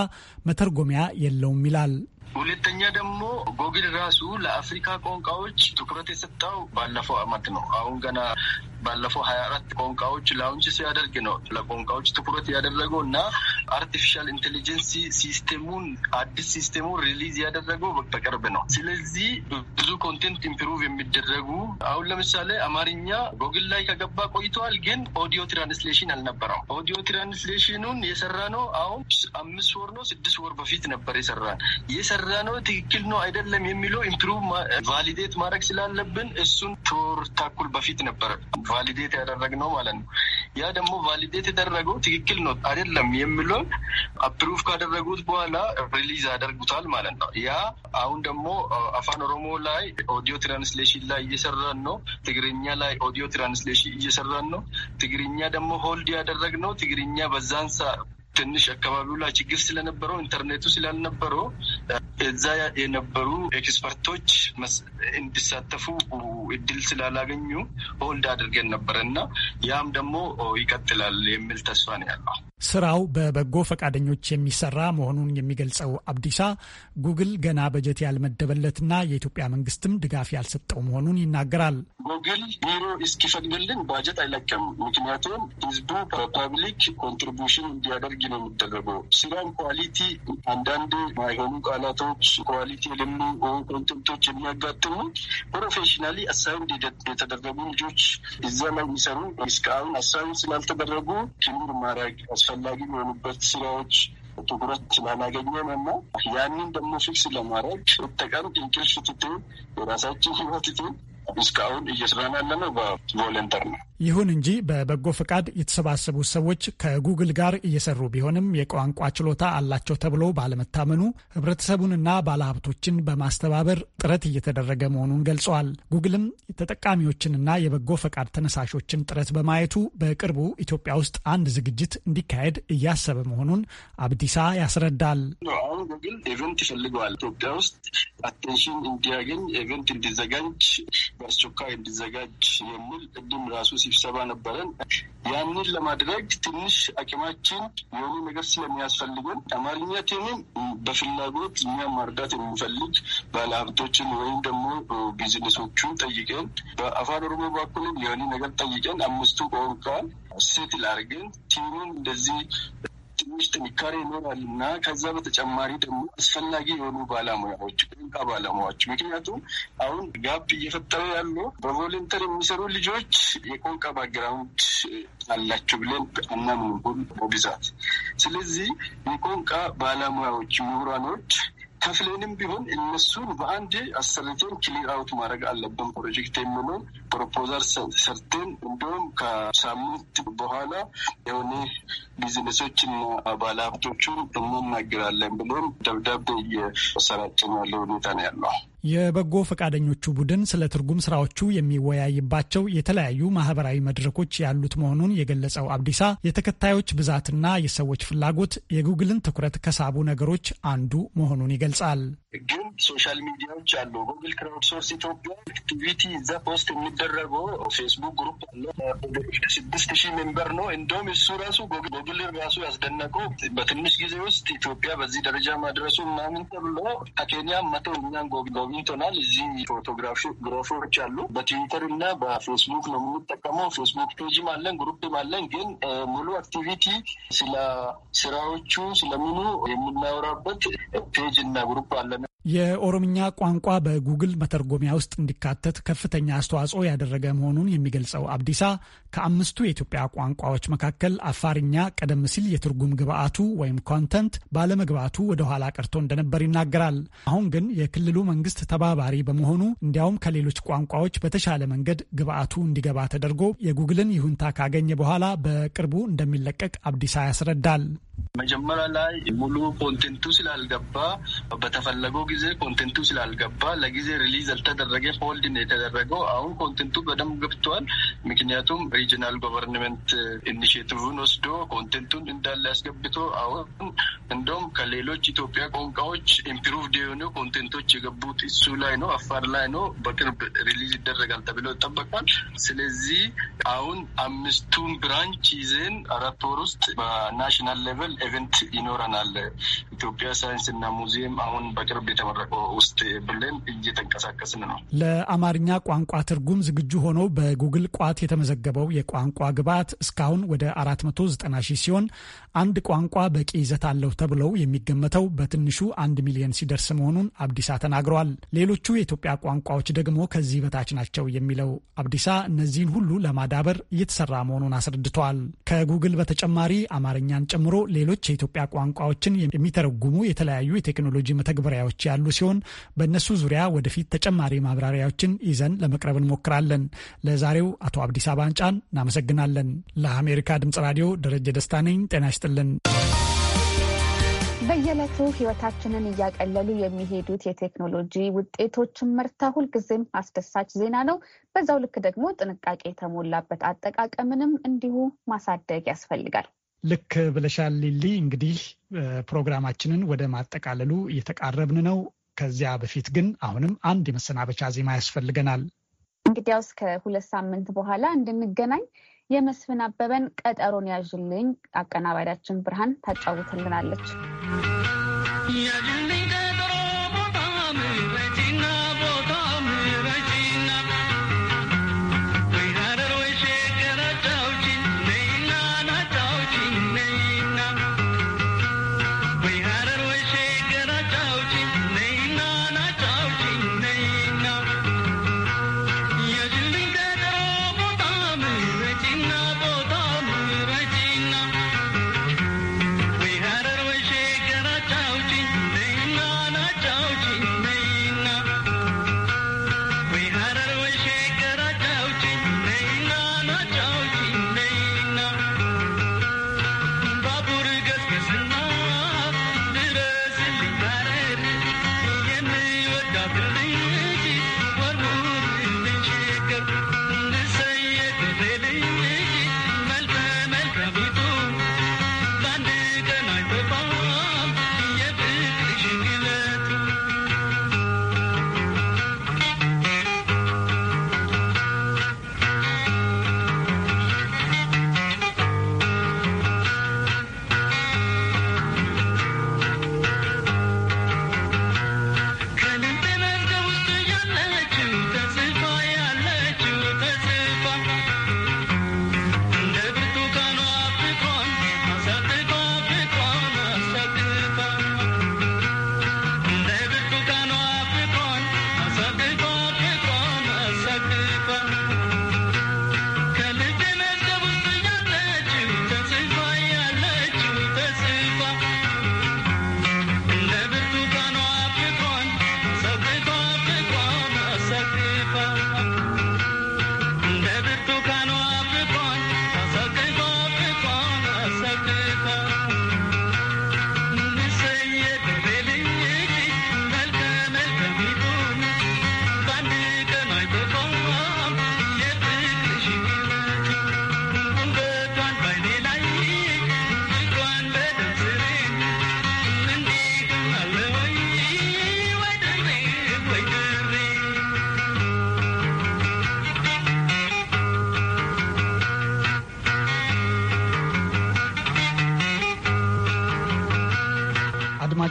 መተርጎሚያ የለውም ይላል። ሁለተኛ ደግሞ ጎግል ራሱ ለአፍሪካ ቋንቋዎች ትኩረት የሰጠው ባለፈው አመት ነው። አሁን ገና ባለፈው ሀያ አራት ቋንቋዎች ላውንች ሲያደርግ ነው ለቋንቋዎች ትኩረት ያደረገው እና አርቲፊሻል ኢንቴሊጀንስ ሲስቴሙን አዲስ ሲስቴሙን ሪሊዝ ያደረገው በቅርብ ነው። ስለዚህ ብዙ ኮንቴንት ኢምፕሩቭ የሚደረጉ አሁን ለምሳሌ አማርኛ ጎግል ላይ ከገባ ቆይተዋል፣ ግን ኦዲዮ ትራንስሌሽን አልነበረም። ኦዲዮ ትራንስሌሽኑን የሰራ ነው አሁን አምስት ወር ነው ስድስት ወር በፊት ነበር የሰራ የሰራነው ትክክል ነው አይደለም የሚለው ኢምፕሩቭ ቫሊዴት ማድረግ ስላለብን እሱን ቶር ታኩል በፊት ነበረ ቫሊዴት ያደረግነው ማለት ነው። ያ ደግሞ ቫሊዴት የደረገው ትክክል ነው አይደለም የሚለውን አፕሩቭ ካደረጉት በኋላ ሪሊዝ ያደርጉታል ማለት ነው። ያ አሁን ደግሞ አፋን ኦሮሞ ላይ ኦዲዮ ትራንስሌሽን ላይ እየሰራን ነው። ትግርኛ ላይ ኦዲዮ ትራንስሌሽን እየሰራን ነው። ትግርኛ ደግሞ ሆልድ ያደረግነው ትግርኛ በዛን ትንሽ አካባቢው ላይ ችግር ስለነበረው ኢንተርኔቱ ስላልነበረው እዛ የነበሩ ኤክስፐርቶች እንዲሳተፉ እድል ስላላገኙ ሆልድ አድርገን ነበረ እና ያም ደግሞ ይቀጥላል የሚል ተስፋ ነው ያለው። ስራው በበጎ ፈቃደኞች የሚሰራ መሆኑን የሚገልጸው አብዲሳ ጉግል ገና በጀት ያልመደበለትና የኢትዮጵያ መንግስትም ድጋፍ ያልሰጠው መሆኑን ይናገራል። ጉግል ቢሮ እስኪፈቅድልን ባጀት አይለቀም። ምክንያቱም ህዝቡ በፐብሊክ ኮንትሪቢሽን እንዲያደርግ ነው የሚደረገው። ስራም ኳሊቲ አንዳንድ ማይሆኑ ቃላቶች ኳሊቲ የሌሉ ኮንቴንቶች የሚያጋጥሙ ፕሮፌሽናሊ አሳይን የተደረጉ ልጆች እዛ ላይ የሚሰሩ እስከ አሁን አሳይን ስላልተደረጉ ክምር ማድረግ አስፈላጊ የሆኑበት ስራዎች ትኩረት ስላላገኘን እና ያንን ደግሞ ፊክስ ለማድረግ ተቀን እንቅልፍ ትትል የራሳችን ህይወት ትትል እስካሁን እየሰራን ነው በቮለንተር ነው። ይሁን እንጂ በበጎ ፈቃድ የተሰባሰቡ ሰዎች ከጉግል ጋር እየሰሩ ቢሆንም የቋንቋ ችሎታ አላቸው ተብሎ ባለመታመኑ ህብረተሰቡንና ባለሀብቶችን በማስተባበር ጥረት እየተደረገ መሆኑን ገልጸዋል። ጉግልም ተጠቃሚዎችንና የበጎ ፈቃድ ተነሳሾችን ጥረት በማየቱ በቅርቡ ኢትዮጵያ ውስጥ አንድ ዝግጅት እንዲካሄድ እያሰበ መሆኑን አብዲሳ ያስረዳል። አሁን ጉግል ኢቨንት ይፈልገዋል። ኢትዮጵያ ውስጥ አቴንሽን እንዲያገኝ ኢቨንት እንዲዘጋጅ በአስቸኳይ እንዲዘጋጅ የሚል እድም ራሱ ስብሰባ ነበረን። ያንን ለማድረግ ትንሽ አቅማችን የሆኑ ነገር ስለሚያስፈልገን አማርኛ ቲምም በፍላጎት እኛ ማርዳት የሚፈልግ ባለሀብቶችን ወይም ደግሞ ቢዝነሶቹን ጠይቀን በአፋን ኦሮሞ በኩልም የሆነ ነገር ጠይቀን አምስቱ ቋንቋ ሴትል አድርገን ቲሙን እንደዚህ ውስጥ ጥንካሬ ይኖራል እና ከዛ በተጨማሪ ደግሞ አስፈላጊ የሆኑ ባለሙያዎች ቋንቋ ባለሙያዎች ምክንያቱም አሁን ጋፕ እየፈጠረ ያለው በቮለንተር የሚሰሩ ልጆች የቋንቋ ባግራውንድ አላቸው ብለን አናምንም በብዛት ስለዚህ የቋንቋ ባለሙያዎች ምሁራኖች ከፍለንም ቢሆን እነሱን በአንድ አሰርተን ክሊር አውት ማድረግ አለብን። ፕሮጀክት የሚለው ፕሮፖዛል ሰርተን እንዲሁም ከሳምንት በኋላ የሆነ ቢዝነሶችና ባለሀብቶቹን እናናግራለን ብለን ደብዳቤ እየሰራጭን ያለ ሁኔታ ነው ያለው። የበጎ ፈቃደኞቹ ቡድን ስለ ትርጉም ስራዎቹ የሚወያይባቸው የተለያዩ ማህበራዊ መድረኮች ያሉት መሆኑን የገለጸው አብዲሳ የተከታዮች ብዛትና የሰዎች ፍላጎት የጉግልን ትኩረት ከሳቡ ነገሮች አንዱ መሆኑን ይገልጻል። ግን ሶሻል ሚዲያዎች አሉ። ጉግል ክራውድሶርስ ኢትዮጵያ አክቲቪቲ እዛ ፖስት የሚደረገው ፌስቡክ ግሩፕ አለ። ስድስት ሺህ ሜምበር ነው። እንደውም እሱ ራሱ ጉግል ራሱ ያስደነቀው በትንሽ ጊዜ ውስጥ ኢትዮጵያ በዚህ ደረጃ ማድረሱ ምናምን ተብሎ ከኬንያ መተው እኛን ጎብኝ አግኝቶናል። እዚህ ፎቶግራፎች አሉ። በትዊተር እና በፌስቡክ ነው የምንጠቀመው። ፌስቡክ ፔጅም አለን፣ ግሩፕም አለን። ግን ሙሉ አክቲቪቲ ስለ ስራዎቹ ስለምኑ የምናወራበት ፔጅ እና ግሩፕ አለን። የኦሮምኛ ቋንቋ በጉግል መተርጎሚያ ውስጥ እንዲካተት ከፍተኛ አስተዋጽኦ ያደረገ መሆኑን የሚገልጸው አብዲሳ ከአምስቱ የኢትዮጵያ ቋንቋዎች መካከል አፋርኛ ቀደም ሲል የትርጉም ግብአቱ ወይም ኮንተንት ባለመግባቱ ወደኋላ ቀርቶ እንደነበር ይናገራል። አሁን ግን የክልሉ መንግስት ተባባሪ በመሆኑ እንዲያውም ከሌሎች ቋንቋዎች በተሻለ መንገድ ግብአቱ እንዲገባ ተደርጎ የጉግልን ይሁንታ ካገኘ በኋላ በቅርቡ እንደሚለቀቅ አብዲሳ ያስረዳል። መጀመሪያ ላይ ሙሉ ኮንቴንቱ ስላልገባ በተፈለገው ጊዜ ኮንቴንቱ ስላልገባ ለጊዜ ሪሊዝ አልተደረገ ሆልድን የተደረገው አሁን ኮንቴንቱ በደንብ ገብተዋል። ምክንያቱም ሪጂናል ጎቨርንመንት ኢኒሽቲቭን ወስዶ ኮንቴንቱን እንዳለ ያስገብቶ አሁን እንደውም ከሌሎች ኢትዮጵያ ቋንቋዎች ኢምፕሩቭድ የሆኑ ኮንቴንቶች የገቡት እሱ ላይ ነው፣ አፋር ላይ ነው። በቅርብ ሪሊዝ ይደረጋል ተብሎ ይጠበቃል። ስለዚህ አሁን አምስቱን ብራንች ይዘን አራት ወር ውስጥ በናሽናል ሌቨል የሚያቀብል ኢቨንት ይኖረናል። ኢትዮጵያ ሳይንስና ሙዚየም አሁን በቅርብ የተመረቀው ውስጥ ብለን እየተንቀሳቀስን ነው። ለአማርኛ ቋንቋ ትርጉም ዝግጁ ሆኖ በጉግል ቋት የተመዘገበው የቋንቋ ግብዓት እስካሁን ወደ 490 ሺህ ሲሆን አንድ ቋንቋ በቂ ይዘት አለው ተብለው የሚገመተው በትንሹ አንድ ሚሊዮን ሲደርስ መሆኑን አብዲሳ ተናግረዋል። ሌሎቹ የኢትዮጵያ ቋንቋዎች ደግሞ ከዚህ በታች ናቸው የሚለው አብዲሳ እነዚህን ሁሉ ለማዳበር እየተሰራ መሆኑን አስረድተዋል። ከጉግል በተጨማሪ አማርኛን ጨምሮ ሌሎች የኢትዮጵያ ቋንቋዎችን የሚተረጉሙ የተለያዩ የቴክኖሎጂ መተግበሪያዎች ያሉ ሲሆን በእነሱ ዙሪያ ወደፊት ተጨማሪ ማብራሪያዎችን ይዘን ለመቅረብ እንሞክራለን። ለዛሬው አቶ አብዲስ አባንጫን እናመሰግናለን። ለአሜሪካ ድምጽ ራዲዮ ደረጀ ደስታ ነኝ። ጤና ይስጥልን። በየዕለቱ ሕይወታችንን እያቀለሉ የሚሄዱት የቴክኖሎጂ ውጤቶችን መርታ ሁልጊዜም አስደሳች ዜና ነው። በዛው ልክ ደግሞ ጥንቃቄ የተሞላበት አጠቃቀምንም እንዲሁ ማሳደግ ያስፈልጋል። ልክ ብለሻል ሊሊ። እንግዲህ ፕሮግራማችንን ወደ ማጠቃለሉ እየተቃረብን ነው። ከዚያ በፊት ግን አሁንም አንድ የመሰናበቻ ዜማ ያስፈልገናል። እንግዲያውስ ከሁለት ሳምንት በኋላ እንድንገናኝ የመስፍን አበበን ቀጠሮን ያዥልኝ አቀናባሪያችን ብርሃን ታጫውትልናለች።